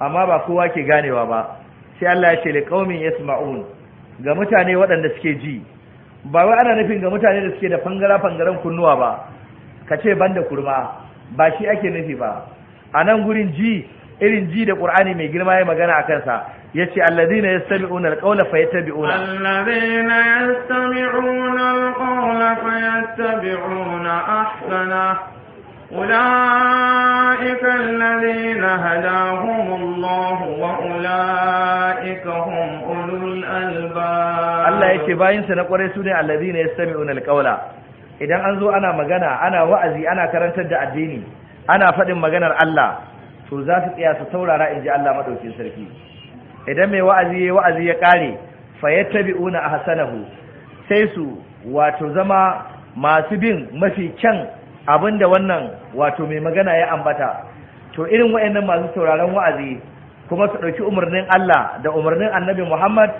amma ba kowa ke ganewa ba sai Allah ya ce liqaumin yasma'un ga mutane waɗanda suke ji ba wai ana nufin ga mutane da suke da fangara fangaren kunnuwa ba ka ce ban da kurma ba shi ake nufi ba a nan gurin ji irin ji da ƙur'ani mai girma ya magana a kansa Ya ya alladhina yastami'una alqawla fayattabi'una alladhina yastami'una alqawla fayattabi'una ahsana أولئك الذين هداهم الله وأولئك هم أولو الألباب الله يكي باين سنقوري سوني الذين يستمعون القول idan an zo ana magana ana wa'azi ana karantar da addini ana faɗin maganar Allah to za su tsaya su saurara in ji Allah maɗaukin sarki idan mai wa'azi ya wa'azi ya ƙare fayattabi'una ahsanahu sai su wato zama masu bin mafi kyan Abin da wannan wato mai magana ya ambata to irin wayannan masu sauraron wa'azi kuma su ɗauki umarnin Allah da umarnin Annabi Muhammad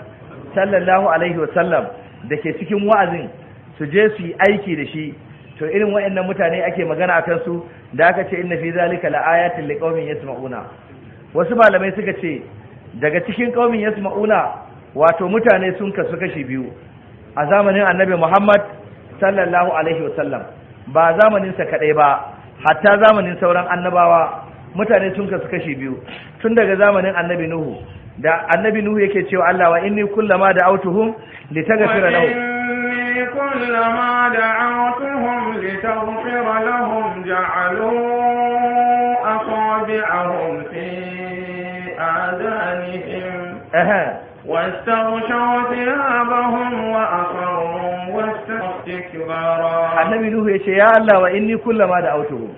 sallallahu alaihi wasallam da ke cikin wa'azin su je su yi aiki da shi to irin wayannan mutane ake magana akan su da aka ce inna fi zalika laayatin qaumin yasma'una wasu malamai suka ce daga cikin qaumin yasma'una wato mutane sun kasu kashi biyu a zamanin Annabi Muhammad sallallahu alaihi wasallam ba zamaninsa kaɗai ba hatta zamanin sauran annabawa mutane sun kasu kashi biyu tun daga zamanin annabi nuhu da annabi nuhu yake cewa Allah wa inni kullama da autuhum litaghfira lahum kullama da autuhum litaghfira lahum ja'alu asabi'ahum fi adanihim واستغشوا ثيابهم وأصروا واستكبارا النبي نوح يشي يا الله وإني كلما دعوتهم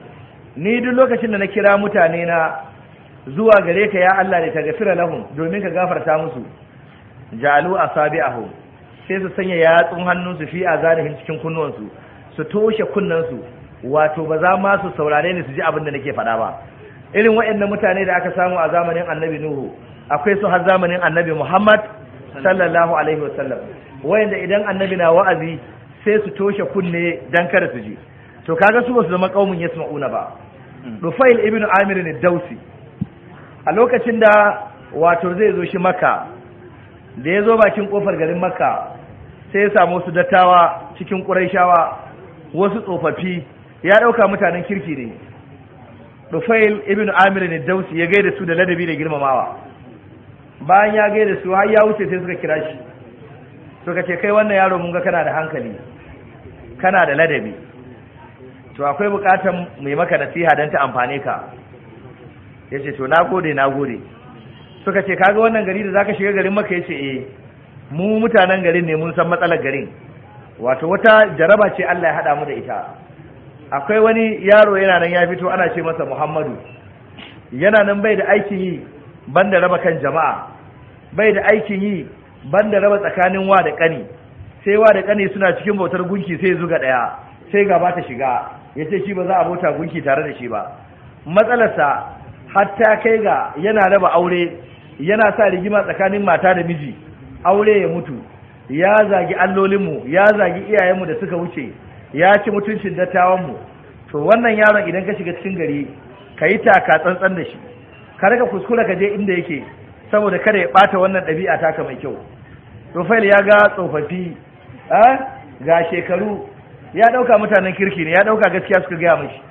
ni duk lokacin da na kira mutane na zuwa gare ka ya Allah da tagafira lahum domin ka gafarta musu Jalu a asabi'ahum sai su sanya yatsun hannunsu fi azanihim cikin kunnuwansu su toshe kunnansu wato ba za ma su saurare ni su ji abin da nake faɗa ba irin waɗannan mutane da aka samu a zamanin annabi nuhu akwai su har zamanin annabi Muhammad sallallahu alaihi wasallam wayanda idan annabi na wa'azi sai su toshe kunne dan kada su je, to kaga su basu zama kaumun yasma'una ba hmm. Rufail ibn Amir ne Dausi a lokacin da wato zai zo shi Makka da ya zo bakin kofar garin Makka sai ya samu su dattawa cikin Quraishawa wasu tsofaffi ya dauka mutanen kirki ne Rufail ibn Amir ne Dausi ya gaida su da ladabi da girmamawa bayan ya gai da su har ya wuce sai suka kira shi suka ce kai wannan yaro mun ga kana da hankali kana da ladabi to akwai mu mai maka nasiha don ta amfane ka yace to na gode na gode suka ce kaga wannan gari da zaka shiga garin maka yace eh mu mutanen garin ne mun san matsalar garin wato wata jaraba ce Allah ya hada mu da ita akwai wani yaro yana nan ya fito ana ce masa Muhammadu yana nan bai da aikin yi banda raba kan jama'a bai da aikin yi ban da raba tsakanin wa da kani sai wa da kani suna cikin bautar gunki sai zuga ɗaya, sai gaba ta shiga ya ce shi ba za a bauta gunki tare da shi ba matsalarsa hatta kai ga yana raba aure yana sa rigima tsakanin mata da miji aure ya mutu ya zagi allolinmu ya zagi iyayenmu da suka wuce ya ci mutuncin dattawanmu to wannan yaron idan ka shiga cikin gari ka yi taka tsantsan da shi ka kuskura ka je inda yake saboda kada ya ɓata wannan ɗabi'a taka mai kyau rufail ya ga tsofaffi ga shekaru ya ɗauka mutanen kirki ne ya ɗauka gaskiya suka gaya mashi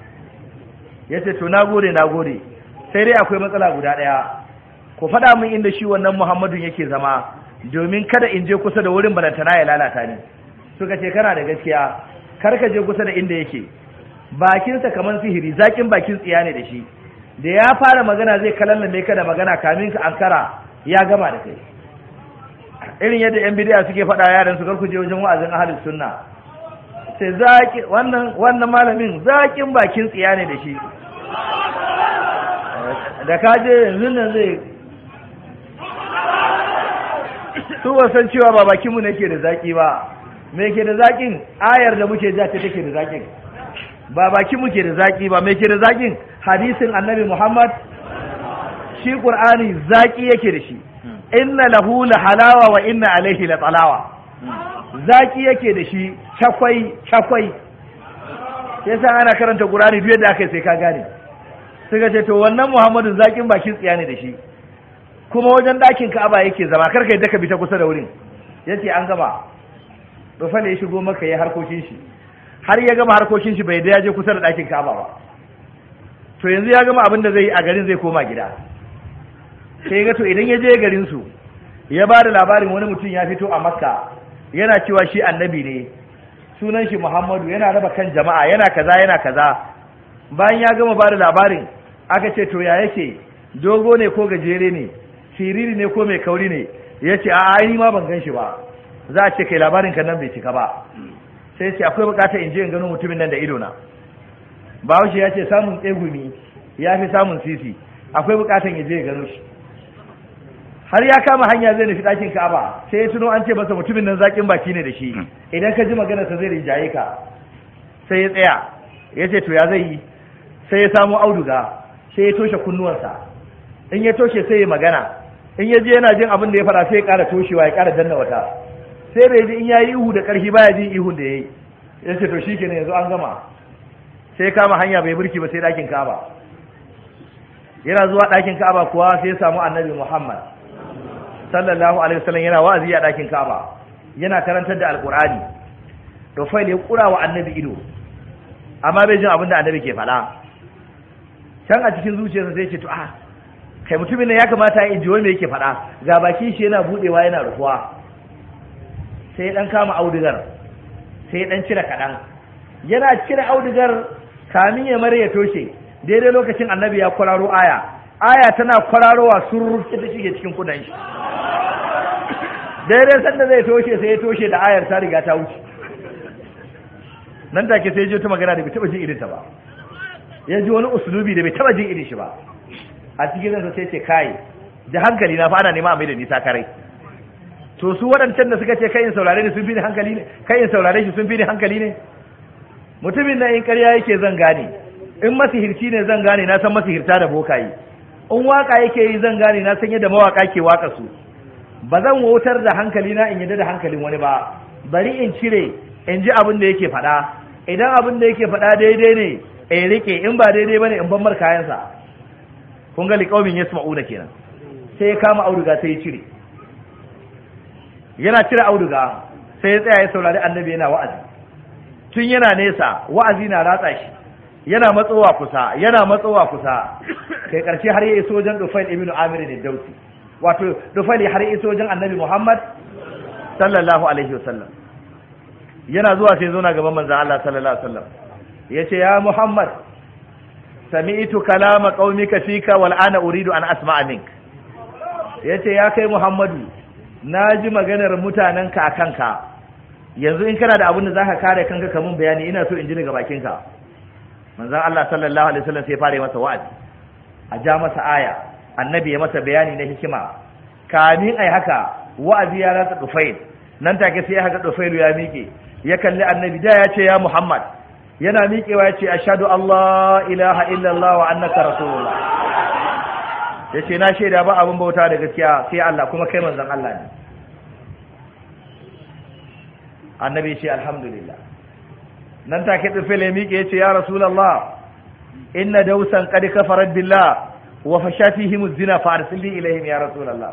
ya ce to nagode nagode sai dai akwai matsala guda ɗaya ku faɗa min inda shi wannan muhammadun yake zama domin kada in je kusa da wurin balantana ya lalata ni suka ce kana da gaskiya kar ka je kusa da inda yake bakinsa kamar sihiri zakin bakin tsiya ne da shi da ya fara magana zai kalalla mai kada magana kamin ka ankara ya gama da kai irin yadda yan bidiya suke faɗa yaran su karku je wajen wa'azin ahlus sunna sai zaki wannan wannan malamin zakin bakin tsiya ne da shi da ka je yanzu nan zai su wasan cewa ba bakinmu ne ke da zaki ba me ke da zakin ayar da muke ja ta take da zakin ba baki muke da zaki ba mai ke da zakin hadisin annabi muhammad shi qur'ani zaki yake da shi inna lahu la halawa wa inna alaihi la talawa zaki yake da shi chakwai chakwai san ana karanta qur'ani duk yadda aka sai ka gane ka ce to wannan muhammadu zakin bakin tsiya ne da shi kuma wajen ɗakin ka'aba yake zama kar ka yadda ka bi ta kusa da wurin yace an gama to fa ne ya shigo maka ya harkokin shi har ya gama harkokin shi bai da ya je kusa da ɗakin kaba ba to yanzu ya gama abin da zai a garin zai koma gida sai ga to idan ya je garin su ya ba da labarin wani mutum ya fito a makka yana cewa shi annabi ne sunan shi muhammadu yana raba kan jama'a yana kaza yana kaza bayan ya gama ba da labarin aka ce to ya yake dogo ne ko gajere ne siriri ne ko mai kauri ne ya ce a'a ni ma ban gan shi ba za a ce kai labarin ka nan bai cika ba sai ce akwai bukatar in je in gano mutumin nan da ido na bahaushe ya ce samun tsegumi ya fi samun sisi akwai bukatar ya je ya gano shi har ya kama hanya zai nufi ɗakin ka'aba sai ya tuno an ce masa mutumin nan zaƙin baki ne da shi hmm. idan ka ji magana sa zai rinjaye ka sai ya tsaya ya ce to ya zai yi sai ya samo auduga sai ya toshe kunnuwansa in ya toshe sai ya magana in ya ji yana jin abin da ya fara sai ya ƙara toshewa ya ƙara danna wata sai bai ji in yayi ihu da karfi baya jin ihun da ya yi. yayi ce to shi shikenan yanzu an gama sai kama hanya bai burki ba sai dakin Ka'aba yana zuwa dakin Ka'aba kuwa sai ya samu Annabi Muhammad sallallahu alaihi wasallam yana wa'azi a dakin Ka'aba yana karantar da Alqur'ani to fa ya kura wa Annabi ido amma bai jin abin da Annabi ke faɗa can a cikin zuciyarsa sai ya ce to a ah, kai mutumin nan ya kamata ya ji wani yake faɗa ga baki shi yana budewa yana rufuwa sai dan kama audigar sai dan cire kaɗan yana cire audigar kamin ya mare ya toshe daidai lokacin annabi ya kwararo aya aya tana kwararowa sun rufe ta shige cikin kudan shi daidai sanda zai toshe sai ya toshe da ayar ta riga ta wuce nan take sai ya ta magana da bai taba jin irin ta ba ya ji wani usulubi da bai taba jin irin shi ba a cikin ransa sai ce kai da hankali na fa ana nema mai da nisa karai to su waɗancan da suka ce kai in saurare ni sun fi ni hankali ne kai in saurare shi sun fi ni hankali ne mutumin nan in ƙarya yake zan gane in masihirci ne zan gane na san masihirta da bokaye in waka yake yi zan gane na san yadda mawaka ke waka su ba zan wutar da hankali na in yadda da hankalin wani ba bari in cire in ji abin da yake faɗa idan abin da yake faɗa daidai ne in rike in ba daidai ba ne in bambar kayansa kun ga liqaumin yasma'una kenan sai ya kama auduga sai ya cire yana cire auduga sai ya tsaya ya saurari annabi yana wa'azi tun yana nesa wa'azi na ratsa shi yana matsowa kusa yana matsowa kusa kai karshe har ya iso wajen Dufail ibn Amir da dauti wato Dufail har ya iso wajen annabi Muhammad sallallahu alaihi wasallam yana zuwa sai zauna gaban manzon Allah sallallahu alaihi wasallam yace ya Muhammad sami'tu kalama qaumika fika wal ana uridu an asma'a mink yace ya kai Muhammadu na ji maganar mutanen ka kanka yanzu in kana da abin da zaka kare kanka ka mun bayani ina so in ji daga bakin ka manzon Allah sallallahu alaihi wasallam sai fara masa wa'azi a ja masa aya annabi ya masa bayani na hikima kamin ai haka wa'azi ya rasa dufail nan take sai ya haka dufailu ya miƙe ya kalli annabi da ya ce ya Muhammad yana miƙewa ya ce ashhadu Allah ilaha illallah wa annaka rasulullah ya ce na shaida ba abin bauta da gaskiya sai Allah kuma kai manzan Allah ne annabi ce alhamdulillah nan take ya miƙe ya ce ya rasulallah inna dausan qad kafarat billah wa fashatihim zina fa arsilni ilaihim ya rasulallah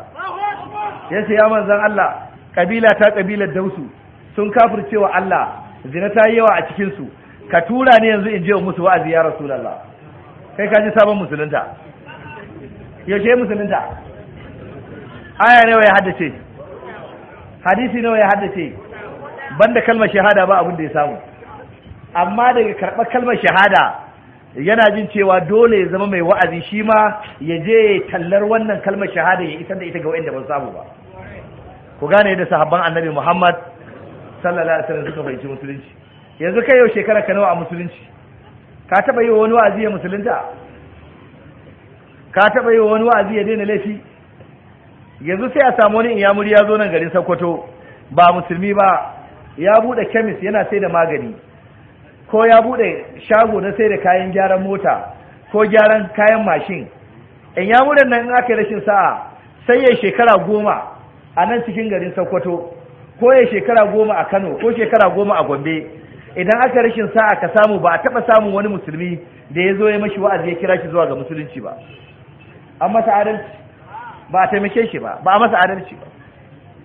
yace ya manzan Allah kabila ta kabilar dausu sun kafircewa Allah zina ta yi yawa a cikin su ka tura ni yanzu in je musu wa'azi ya rasulallah kai ka ji sabon musulunta yaushe musulunta aya nawa ya haddace hadisi nawa ya haddace banda kalmar shahada ba abin da ya samu amma daga karɓar kalmar shahada yana jin cewa dole ya zama mai wa'azi shi ma ya je tallar wannan kalmar shahada ya isar da ita ga wa'anda ban samu ba ku gane da sahabban annabi muhammad sallallahu alaihi wasallam suka fahimci musulunci yanzu kai yau shekara ka nawa a musulunci ka taba yi wani wa'azi ya musulunta ka taɓa yi wani wa'azi ya daina laifi yanzu sai a samu wani iyamuri ya zo nan garin sokoto ba musulmi ba ya buɗe kemis yana sai da magani ko ya buɗe shago na sai da kayan gyaran mota ko gyaran kayan mashin in ya nan in aka yi rashin sa'a sai ya shekara goma a nan cikin garin sokoto ko ya shekara goma a kano ko shekara goma a gombe idan aka rashin sa'a ka samu ba a taɓa samun wani musulmi da ya zo ya mashi wa'azi ya kira shi zuwa ga musulunci ba an masa adalci ba a taimake shi ba ba a masa adalci ba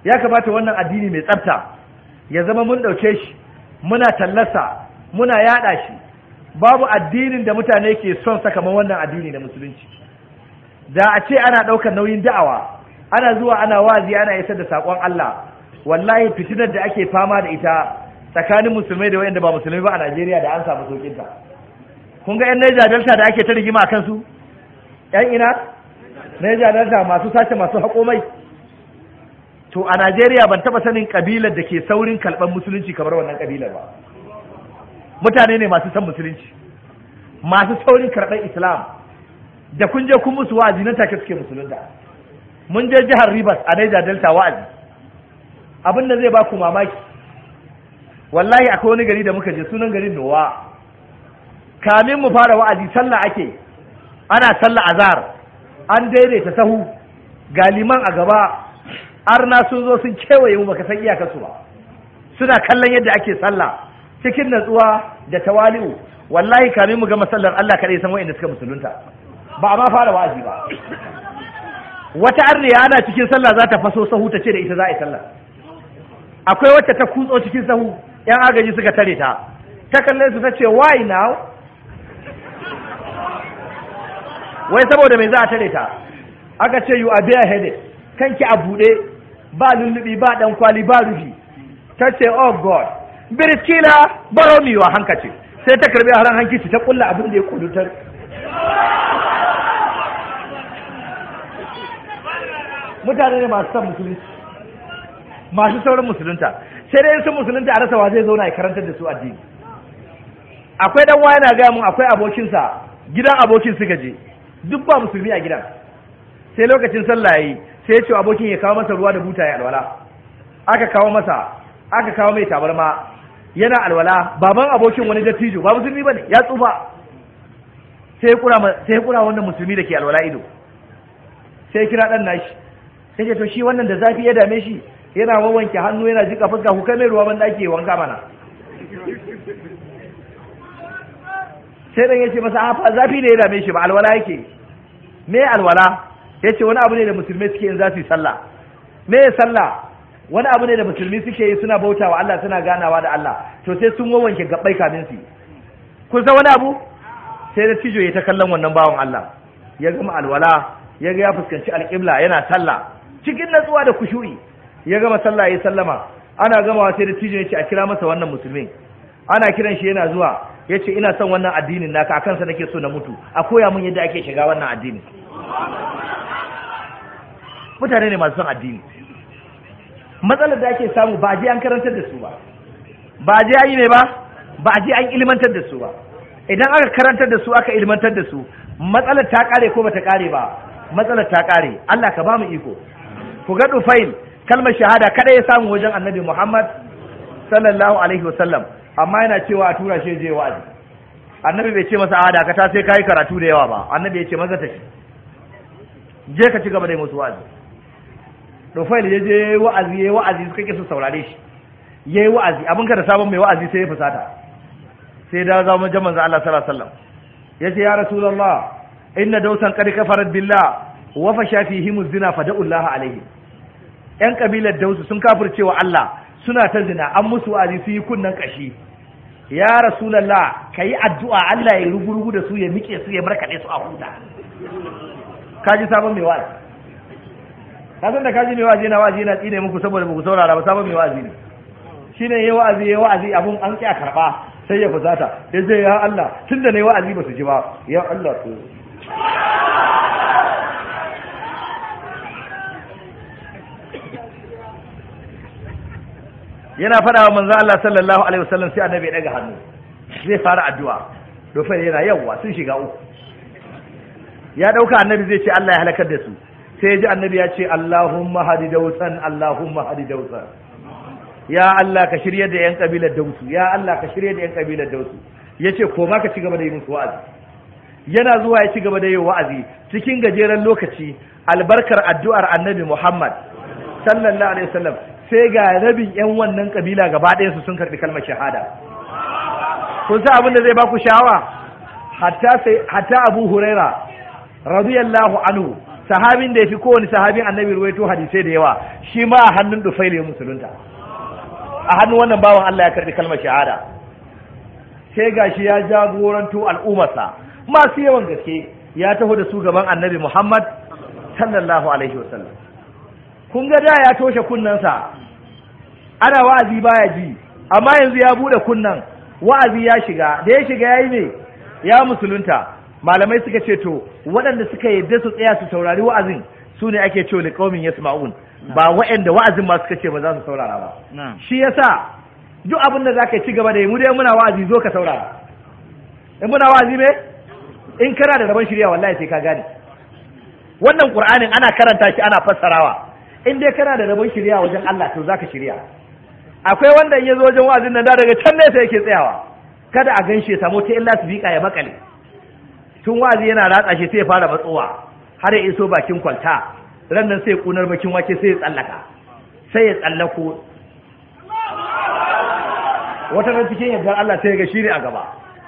ya kamata wannan addini mai tsafta ya zama mun ɗauke shi muna tallasa muna yaɗa shi babu addinin da mutane ke son sa kamar wannan addini na musulunci da a ce ana ɗaukar nauyin da'awa ana zuwa ana wazi ana isar da saƙon Allah wallahi fitinar da ake fama da ita tsakanin musulmai da wayanda ba musulmai ba a Najeriya da an samu ta kun ga 'yan Niger Delta da ake ta rigima a kansu 'yan ina na dalta masu sace masu haƙo mai to a najeriya ban taɓa sanin kabilar da ke saurin kalɓar musulunci kamar wannan kabilar ba mutane ne masu san musulunci masu saurin karɓar islam da kun je kun musu wa'azi nan take suke musulunta mun je jihar rivers a naija delta wa'azi abin da zai ba ku mamaki wallahi akwai wani gari da muka je sunan garin nowa kamin mu fara wa'azi sallah ake ana sallah azhar an daidaita sahu galiman a gaba arna sun zo sun kewaye mu baka san iyakarsu ba suna kallon yadda ake sallah cikin natsuwa da tawali'u wallahi kamin mu ga masallar Allah kadai san wa'anda suka musulunta ba a ma fara wa'azi ba wata arniya ana cikin sallah za ta faso sahu ta ce da ita za a yi sallah akwai wacce ta kutso cikin sahu yan agaji suka tare ta ta kalle su ta ce why now wai saboda mai za a tare ta aka ce you are hede headed kanki a bude ba lullubi ba dan kwali ba rufi ta ce oh god birkila baro mi wa hankaci sai ta karbi haran hankici ta kulla abin da ya kudutar mutane ne masu son musulunci masu sauran musulunta sai dai sun musulunta a rasa wa zai zauna ya karantar da su addini akwai dan yana gaya mun akwai abokinsa gidan abokin suka je duk ba musulmi a gidan sai lokacin sallah yi, sai ya ce abokin ya kawo masa ruwa da buta ya alwala aka kawo masa aka kawo mai tabarma yana alwala baban abokin wani dattijo ba musulmi bane ya tsufa sai ya kura sai ya kura wannan musulmi da ke alwala ido sai ya kira dan nashi sai ya to shi wannan da zafi ya dame shi yana wawanke hannu yana jika fuska ku kai mai ruwa ban dake wanka mana sai dan yace masa a fa zafi ne ya dame shi ba alwala yake me alwala yace wani abu ne da musulmi suke yin za su yi sallah me sallah wani abu ne da musulmi suke yi suna bautawa Allah suna ganawa da Allah to sai sun wawanke gabbai kamin su kun san wani abu sai da tijo ya ta kallon wannan bawan Allah ya gama alwala ya ga ya fuskanci alƙibla yana sallah cikin natsuwa da kushuri ya gama sallah ya sallama ana gamawa sai da tijo ya ce a kira masa wannan musulmi ana kiran shi yana zuwa ya ce ina son wannan addinin naka a kansa nake so na mutu a koya mun yadda ake shiga wannan addinin mutane ne masu son addini matsalar da ake samu ba je an karantar da su ba ba je an yi ne ba ba je an ilmantar da su ba idan aka karantar da su aka ilmantar da su matsalar ta kare ko bata kare ba matsalar ta kare Allah ka ba mu iko ku ga dufail kalmar shahada kada ya samu wajen annabi Muhammad sallallahu alaihi wasallam amma yana cewa a tura shi je wa'azi annabi bai ce masa a ta sai kai karatu da yawa ba annabi ya ce maza tafi je ka ci gaba da musu wa'azi Rufail ya je wa'azi yayi wa'azi suka ki su saurare shi yayi wa'azi abin ka da sabon mai wa'azi sai ya fusata sai da zama jaman Allah sallallahu alaihi wasallam yace ya rasulullah inna dausan qad kafarat billah wa fasha fihim zina fada'ullaha alaihi yan kabilar dausu sun kafircewa Allah suna ta zina an musu wa'azi su yi kunnan kashi ya rasulallah ka yi addu'a Allah ya rugurugu da su ya miƙe su ya markaɗe su a huta kaji sabon mai wazi ka san da kaji mai wazi na wazi na tsine muku saboda muku saurara ba sabon mai wazi ne Shi shine ya wa'azi ya wa'azi abun an a karɓa sai ya fusata ya zai ya Allah tunda yi wa'azi ba su ji ba ya Allah yana faɗa wa manzo Allah sallallahu alaihi wasallam sai annabi daga hannu zai fara addu'a fa yana yawa sun shiga uku ya dauka annabi zai ce Allah ya halakar da su sai ya ji annabi ya ce Allahumma hadi dawsan Allahumma hadi dawsan ya Allah ka shirye da yan kabilar dawsu ya Allah ka shirye da yan kabilar dawsu yace ko ma ka ci gaba da yi musu wa'azi yana zuwa ya ci gaba da yin wa'azi cikin gajeren lokaci albarkar addu'ar annabi Muhammad sallallahu alaihi wasallam sai ga rabin yan wannan kabila gaba ɗaya su sun karɓi kalmar shahada kun san abin da zai baku shawa hatta sai hatta Abu Huraira radiyallahu anhu sahabin da ya fi kowane sahabin annabi ruwai ruwaito hadisai da yawa shi ma a hannun dufai ne musulunta a hannun wannan bawan Allah ya karɓi kalmar shahada sai gashi ya jagoranto al'ummarsa masu yawan gaske ya taho da su gaban annabi Muhammad sallallahu alaihi wasallam kun ga da ya toshe kunnansa ana wa'azi baya ji amma yanzu ya bude kunnan wa'azi ya shiga da ya shiga yayi ne ya musulunta malamai suka ce to waɗanda suka yadda su tsaya su saurari wa'azin su ne ake cewa ya yasma'un ba waɗanda wa'azin ba suka ce ba za su saurara ba shi yasa duk abin da za zaka ci gaba da yi mu dai muna wa'azi zo ka saurara in muna wa'azi me in kana da rabon shirya wallahi sai ka gane wannan qur'anin ana karanta shi ana fassarawa in dai kana da rabon shirya wajen Allah to zaka shirya akwai wanda ya zo wajen wa'azin nan da daga can nesa yake tsayawa kada a ganshi ya samu ta illa su ya makale tun wa'azi yana ratsa shi sai ya fara matsowa har ya iso bakin kwalta ran nan sai kunar makin wake sai ya tsallaka sai ya tsallako wata ran cikin yardar Allah sai ya ga shiri a gaba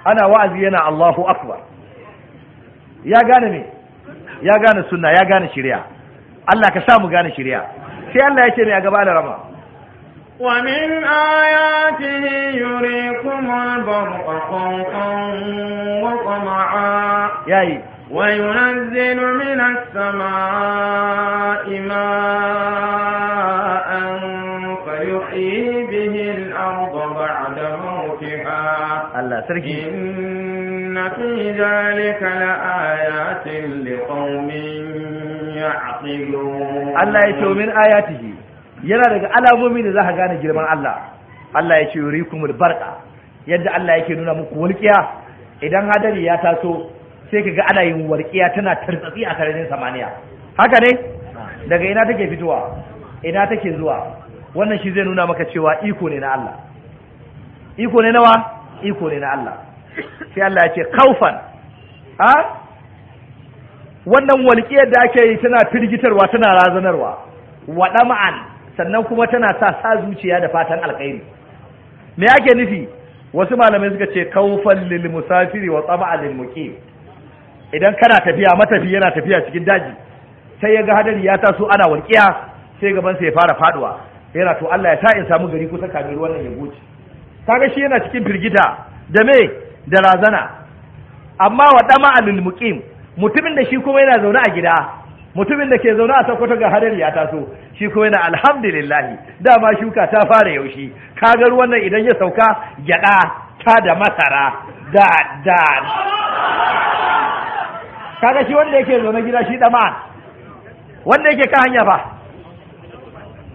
ana wa'azi yana Allahu akbar ya gane me ya gane sunna ya gane shari'a Allah ka sa mu gane shirya sai Allah ya ce mai a gaba da rama ومن آياته يريكم البرق خوفا وطمعا ياي وينزل من السماء ماء فيحيي به الأرض بعد موتها الله إن في ذلك لآيات لقوم يعقلون الله يتو من yana daga alamomi da za ka gane girman Allah Allah ya ce yurikumul barka yadda Allah yake nuna muku walƙiya idan hadari ya taso sai ka ga ana yin walƙiya tana tartsatsi a sararin samaniya haka ne daga ina take fitowa ina take zuwa wannan shi zai nuna maka cewa iko ne na Allah iko ne nawa iko ne na Allah sai Allah ya ce kaufan ha wannan walƙiyar da ake yi tana firgitarwa tana razanarwa wa ma'an sannan kuma tana sa sa zuciya da fatan alƙairi me ake nufi wasu malamai suka ce kaufan lil musafiri wa tsama'an lil muqim idan kana tafiya matafi yana tafiya cikin daji sai ya ga hadari ya taso ana walƙiya sai gaban sa ya fara faduwa yana to Allah ya sa in samu gari kusa kamin wannan ya goce kaga shi yana cikin firgita da me da razana amma wa dama lil muqim mutumin da shi kuma yana zaune a gida mutumin da ke zaune a sokoto ga hadari ya taso shi kuma yana alhamdulillahi dama shuka ta fara yaushi ruwan wannan idan ya sauka gyada ta da masara da da kaga shi wanda yake zaune gida shi dama wanda yake ka hanya fa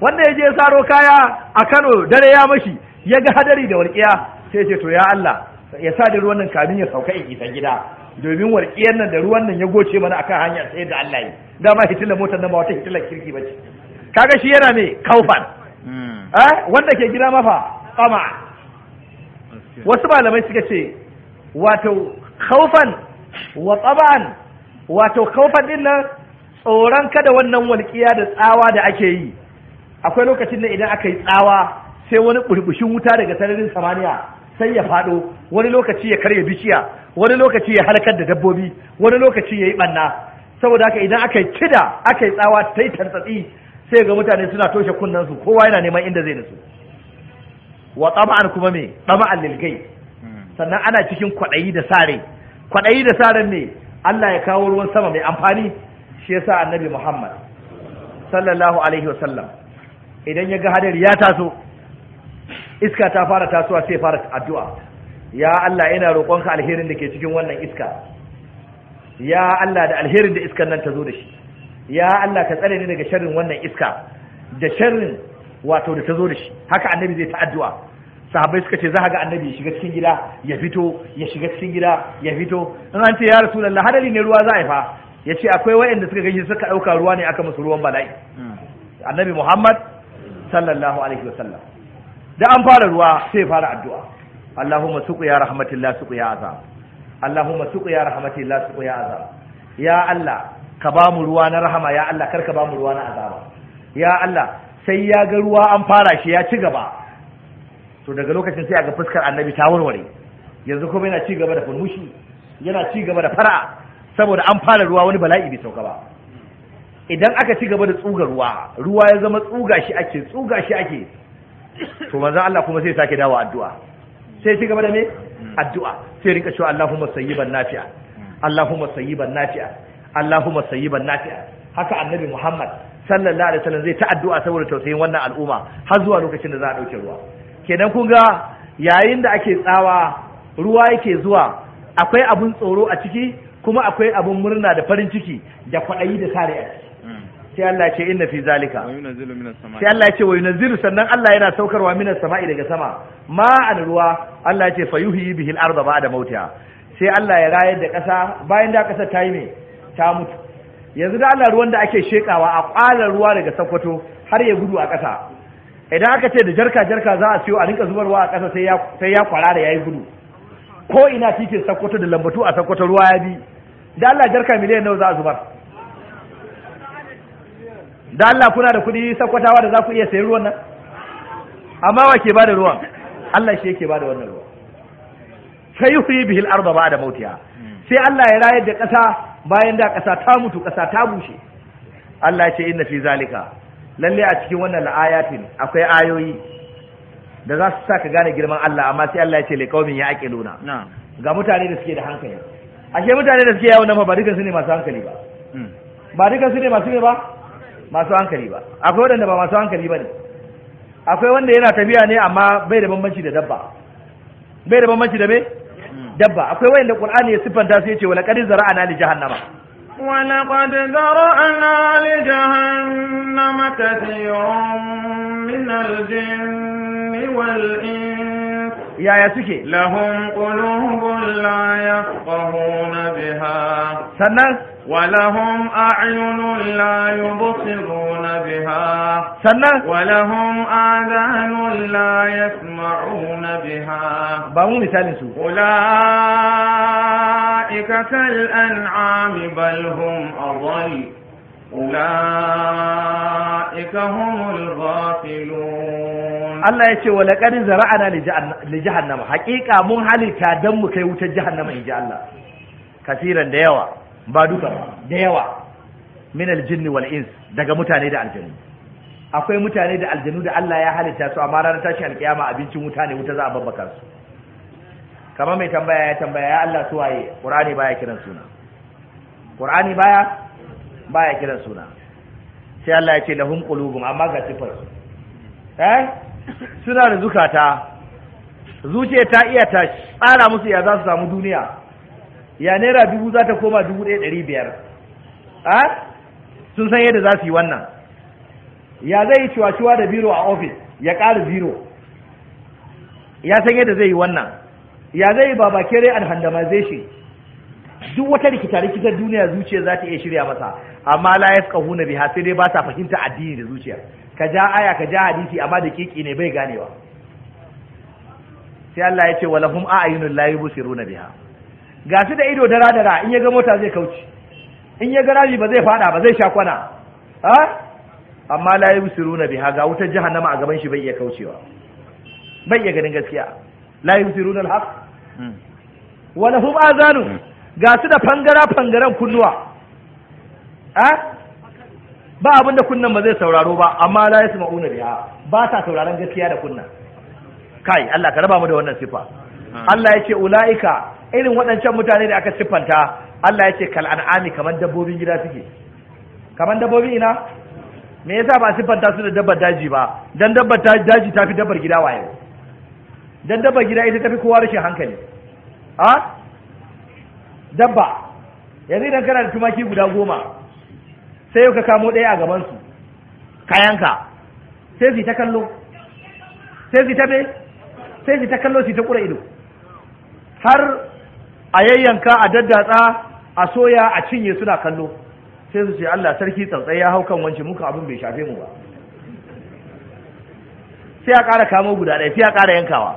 wanda ya je saro kaya a Kano dare ya mashi ya ga hadari da walƙiya sai ce to ya Allah ya sa da ruwan nan kamin ya sauka in isa gida domin warkiyar nan da ruwan nan ya goce mana akan hanya sai da Allah yi dama hitilar motar nan ba wata hitilar kirki ba ce kaga shi yana me kaufan eh wanda ke gida mafa kama wasu malamai suka ce wato kaufan wa taban wato kaufan din nan tsoron kada wannan walƙiya da tsawa da ake yi akwai lokacin da idan aka yi tsawa sai wani burbushin wuta daga sararin samaniya sai ya faɗo wani lokaci ya karya bishiya wani lokaci ya halakar da dabbobi wani lokaci ya yi ɓanna saboda haka idan aka yi kida aka yi tsawa ta yi tantsatsi sai ga mutane suna toshe su kowa yana neman inda zai nasu wa tsama'an kuma me tsama'an lilgai sannan ana cikin kwaɗayi da sare kwaɗayi da sare ne Allah ya kawo ruwan sama mai amfani shi yasa annabi Muhammad sallallahu alaihi wasallam idan ya ga hadari ya taso iska ta fara tasowa sai fara addu'a ya Allah ina roƙonka alherin da ke cikin wannan iska ya Allah da alherin da iskan nan ta zo da shi ya Allah ka tsare ni daga sharrin wannan iska da sharrin wato da ta zo da shi haka annabi zai ta addu'a sahabbai suka ce za ga annabi ya shiga cikin gida ya fito ya shiga cikin gida ya fito in an ce ya rasulullahi hadali ne ruwa za a fa ya ce akwai wayanda suka gaji suka ɗauka ruwa ne aka musu ruwan bala'i hmm. annabi muhammad sallallahu alaihi wasallam da an fara ruwa sai fara addu'a Allahumma suku ya rahmatillah suku ya azam. Allahumma suku ya rahmatillah suku ya azam ya Allah ka ba mu ruwa na rahama ya Allah kar ka ba mu ruwa na azaba ya Allah sai ya ga ruwa an fara shi ya ci gaba to daga lokacin sai a ga fuskar annabi ta warware yanzu kuma yana ci gaba da fulmushi yana ci gaba da fara'a saboda an fara ruwa wani bala'i bai sauka ba idan aka ci gaba da tsuga ruwa ruwa ya zama tsuga shi ake tsuga shi ake to manzo Allah kuma sai sake dawo addu'a sai ci gaba da me addu'a sai rinka cewa Allahumma sayyiban nafi'a Allahumma sayyiban nafi'a Allahumma sayyiban nafi'a haka annabi Muhammad sallallahu alaihi wasallam zai ta addu'a saboda tausayin wannan al'umma har zuwa lokacin da za a dauke ruwa kenan kun ga yayin da ake tsawa ruwa yake zuwa akwai abun tsoro a ciki kuma akwai abun murna da farin ciki da kwaɗayi da sare a ciki sai Allah ya ce inna fi zalika sai Allah ya ce wa yunzilu sannan Allah yana saukarwa minas sama'i daga sama ma ma'an ruwa Allah ya ce fayuhyi bihil arda ba'da mautiha sai Allah ya rayar da ƙasa bayan da ƙasa ta yi ne ta mutu yanzu da Allah ruwan da ake shekawa a ƙwalar ruwa daga Sokoto har ya gudu a ƙasa idan aka ce da jarka jarka za a siyo a rinka zubarwa a ƙasa sai ya sai ya kwarara yayi gudu ko ina titin Sokoto da lambatu a Sokoto ruwa ya bi da Allah jarka miliyan nawa za a zubar da Allah kuna da kuɗi sakwatawa da za ku iya sayi ruwan nan amma wa ke ba da ruwan Allah shi yake ba da wannan ruwan fa yuhyi bihi al-ardh ba'da mautiha sai Allah ya rayar da ƙasa bayan da ƙasa ta mutu ƙasa ta bushe Allah ya ce inna fi zalika lalle a cikin wannan ayatin akwai ayoyi da za su sa ka gane girman Allah amma sai Allah ya ce liqaumin ya'qiluna ga mutane da suke da hankali ashe mutane da suke yawo nan ba dukan su ne masu hankali ba mm. ba dukan su ne masu ne ba masu hankali ba akwai waɗanda ba masu hankali ba ne akwai wanda yana tafiya ne amma bai da bambanci da dabba bai da bambanci da me dabba akwai wanda qur'ani ya sifanta su yace wala qad zara'ana li jahannama wala qad zara'ana li jahannama kathiran min al-jinni wal ins yaya suke lahum qulubun la yafqahuna biha sannan ولهم أعين لا يبصرون بها سنة ولهم آذان لا يسمعون بها بامو مثال سو أولئك كالأنعام بل هم أضل Allah أولئك هم الغافلون الله يشي ولقد زرعنا لجهنم حقيقة من حالي كادم Allah. جهنم إن yawa الله كثيرا ديوا بادوكا ديوا من الجن والإنس دقا متاني دا الجن akwai mutane da aljanu da Allah ya halitta su amma ranar tashi alkiyama abincin wuta ne wuta za a babbakar su kamar mai tambaya ya tambaya ya Allah su waye Qur'ani baya kiran suna Qur'ani baya baya kiran suna sai Allah ya ce lahum qulubun amma ga sifar eh suna da zukata zuciya ta iya ta tsara musu ya za su samu duniya ya naira dubu za ta koma dubu ɗaya ɗari biyar a eh? sun san yadda za su yi wannan ya zai yi ciwa da biro a ofis ya ƙara biro ya san yadda zai yi wannan ya zai yi babakere alhandamization duk wata rikita rikita duniya zuciya za ta iya shirya masa amma la na biha sai dai ba ta fahimta addini da zuciya ka ja aya ka ja hadisi amma da kiki ne bai ganewa sai Allah ya ce hum a'yunul la yubsiruna biha ga su da ido dara dara in ya ga mota zai kauce in ya ga rami ba zai fada ba zai sha kwana ha amma la yubsiruna biha ga wutar jahannama a gaban shi bai iya kaucewa bai iya ganin gaskiya la yubsiruna al-haq hmm. hum azanu hmm. ga su da fangara fangaren kunnuwa ba abin da kunnan ba zai sauraro ba amma la ya suma ya ba sa sauraron gaskiya da kunna kai Allah ka raba mu da wannan sifa Allah ya ce ula'ika irin waɗancan mutane da aka siffanta Allah ya ce kal kamar dabbobin gida suke kamar dabbobin ina me yasa ba siffanta su da dabbar daji ba dan dabbar daji ta fi dabbar gida waye dan dabbar gida ita ta fi kowa rashin hankali a dabba yanzu idan kana da tumaki guda goma sai yau ka kamo ɗaya a gabansu kayanka sai su ta kallo sai su ta be sai su ta kallo su ta ƙura ido har a yayyanka a daddatsa a soya a cinye suna kallo sai su ce Allah sarki tsantsai ya hau kan wance muka abin bai shafe mu ba sai a ƙara kamo guda ɗaya sai a ƙara yankawa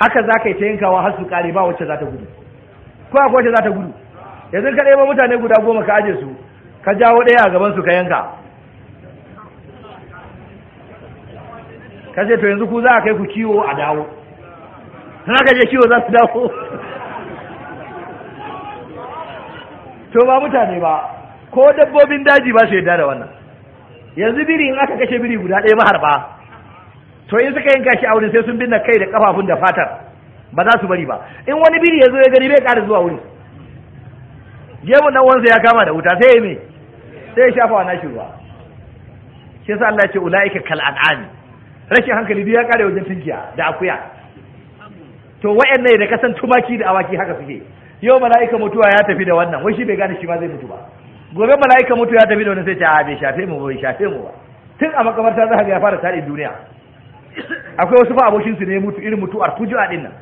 haka za ka yi ta yankawa har su ƙare ba wacce za ta gudu ko akwai wacce za ta gudu yanzu ka ɗaya mutane guda goma ka aje su ka jawo ɗaya a gaban su ka yanka ka ce to yanzu ku za a kai ku kiwo a dawo sun ka je kiwo za su dawo to ba mutane ba ko dabbobin daji ba su yadda da wannan yanzu biri in aka kashe biri guda ɗaya maharba to in suka yanka shi a wurin sai sun binne kai da kafafun da fatar ba za su bari ba in wani biri ya zo ya gani bai ƙara zuwa wuri. gemun nan wansa ya kama da wuta sai ya me sai ya shafa wa shi ruwa shi yasa Allah ya ce ulaika kal an'ami rashin hankali biya ya kare wajen tunkiya da akuya to wayannan da kasan tumaki da awaki haka suke yau mala'ika mutuwa ya tafi da wannan wai shi bai gane shi ma zai mutu ba gobe mala'ika mutuwa ya tafi da wannan sai ce a bai shafe mu bai shafe mu ba tun a makamarta za ka ya fara tarihin duniya akwai wasu fa abokin su ne mutu irin mutuwar fujua din nan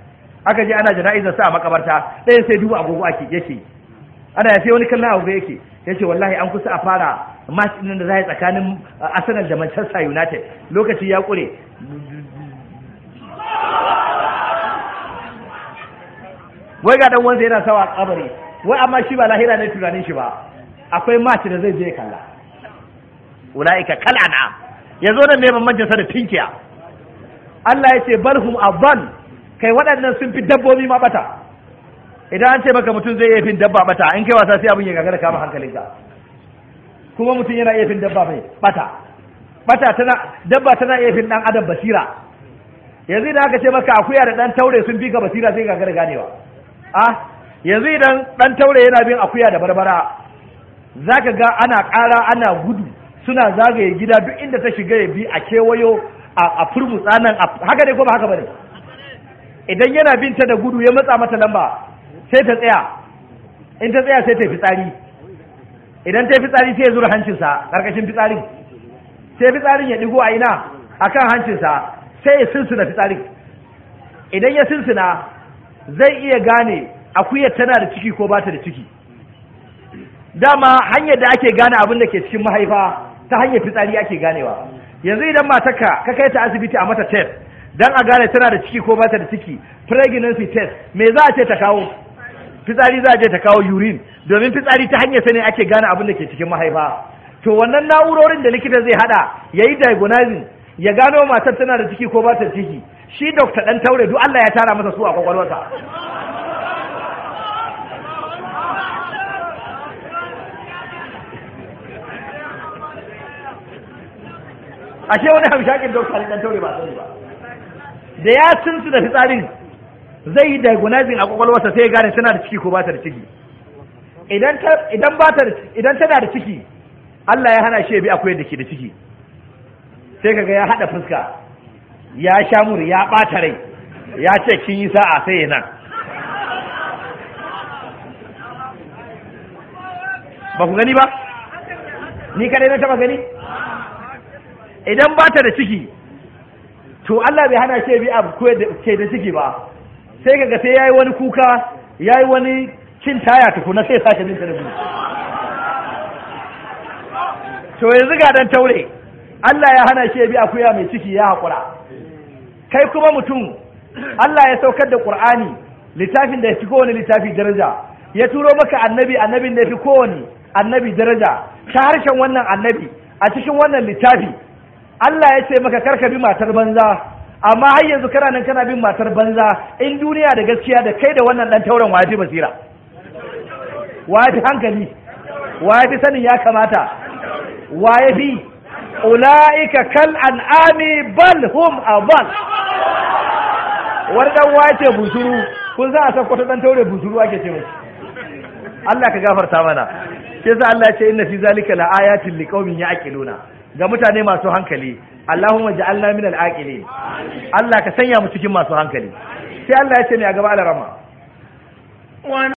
aka je ana jana'izar sa a makabarta ɗayan sai duba agogo ake yake ana ya sai wani kallon agogo yake yace wallahi an kusa a fara match din da za yi tsakanin uh, Arsenal da Manchester United lokaci ya kure wai ga dan yana sawa kabari wai amma shi ba lahira ne tunanin shi ba akwai match da zai je kalla ulaika kalana yazo nan ne ban manchester da tinkiya Allah ya ce balhum aban kai waɗannan sun fi dabbobi ma bata idan an ce maka mutum zai iya fin dabba bata in kai wasa sai abin ya gagara kama hankalinka kuma mutum yana iya fin dabba mai bata bata tana dabba tana iya fin dan adam basira yanzu idan aka ce maka akuya da dan taure sun fi ka basira sai gagara ganewa a yanzu idan dan taure yana bin akuya da barbara zaka ga ana ƙara ana gudu suna zagaye gida duk inda ta shiga ya bi a kewayo a furmutsa nan haka ne ko ba haka ba ne. idan yana bin ta da gudu ya matsa mata lamba sai ta tsaya in ta tsaya sai ta fitsari idan ta fitsari sai ya zura hancinsa karkashin fitsarin sai fitsarin ya ɗigo a ina a kan hancinsa sai ya sinsina fitsarin idan ya sinsina zai iya gane akuyar tana da ciki ko ba ta da ciki dama hanyar da ake gane abin da ke cikin mahaifa ta hanyar fitsari ake ganewa yanzu idan matarka ka kai ta asibiti a mata tef. dan a gane tana da ciki ko ba ta da ciki pregnancy test me za a ce ta kawo fitsari za a je ta kawo urine domin fitsari ta hanyar sani ake gane abin da ke cikin mahaifa to wannan na'urorin da likita zai hada yayi yi diagnosing ya gano matar tana da ciki ko ba ta ciki shi dokta dan taure duk Allah ya tara masa su a kwakwalwarsa ashe wani hamshakin dokta dan taure ba sani ba da ya tuntu da fitsarin zai yi diagnosing a kwakwalwarsa sai ya gane tana da ciki ko ba ta da ciki idan ba ta idan tana da ciki Allah ya hana shi ya bi akwai da ke da ciki sai kaga ya hada fuska ya sha muri ya bata rai ya ce kin yi sa'a sai nan ba ku gani ba ni kadai na taba gani idan ba ta da ciki to Allah bai hana shi bi abu ke da ciki ba sai kaga sai yayi wani kuka yayi wani cin taya na sai sake bin tarbi to yanzu ga dan taure Allah ya hana shi bi akuya mai ciki ya hakura kai kuma mutum Allah ya saukar da Qur'ani littafin da fi kowane littafi daraja ya turo maka annabi annabin da fi kowane annabi daraja ta harshen wannan annabi a cikin wannan littafi Allah ya ce maka karka bi matar banza amma har yanzu kana nan kana bin matar banza in duniya da gaskiya da kai da wannan dan tauren waje basira waje fi hankali waje sanin ya kamata waje bi ula'ika kal an'ami bal hum abal wani dan wace busuru kun za a san kwata dan taure busuru ake ce mai Allah ka gafarta mana sai Allah ya ce inna fi zalika la ayatin liqaumin ya'qiluna ga mutane masu hankali Allahumma ja'alna min al-aqilin Allah ka sanya mu cikin masu hankali sai Allah ya ce ne a gaba alarama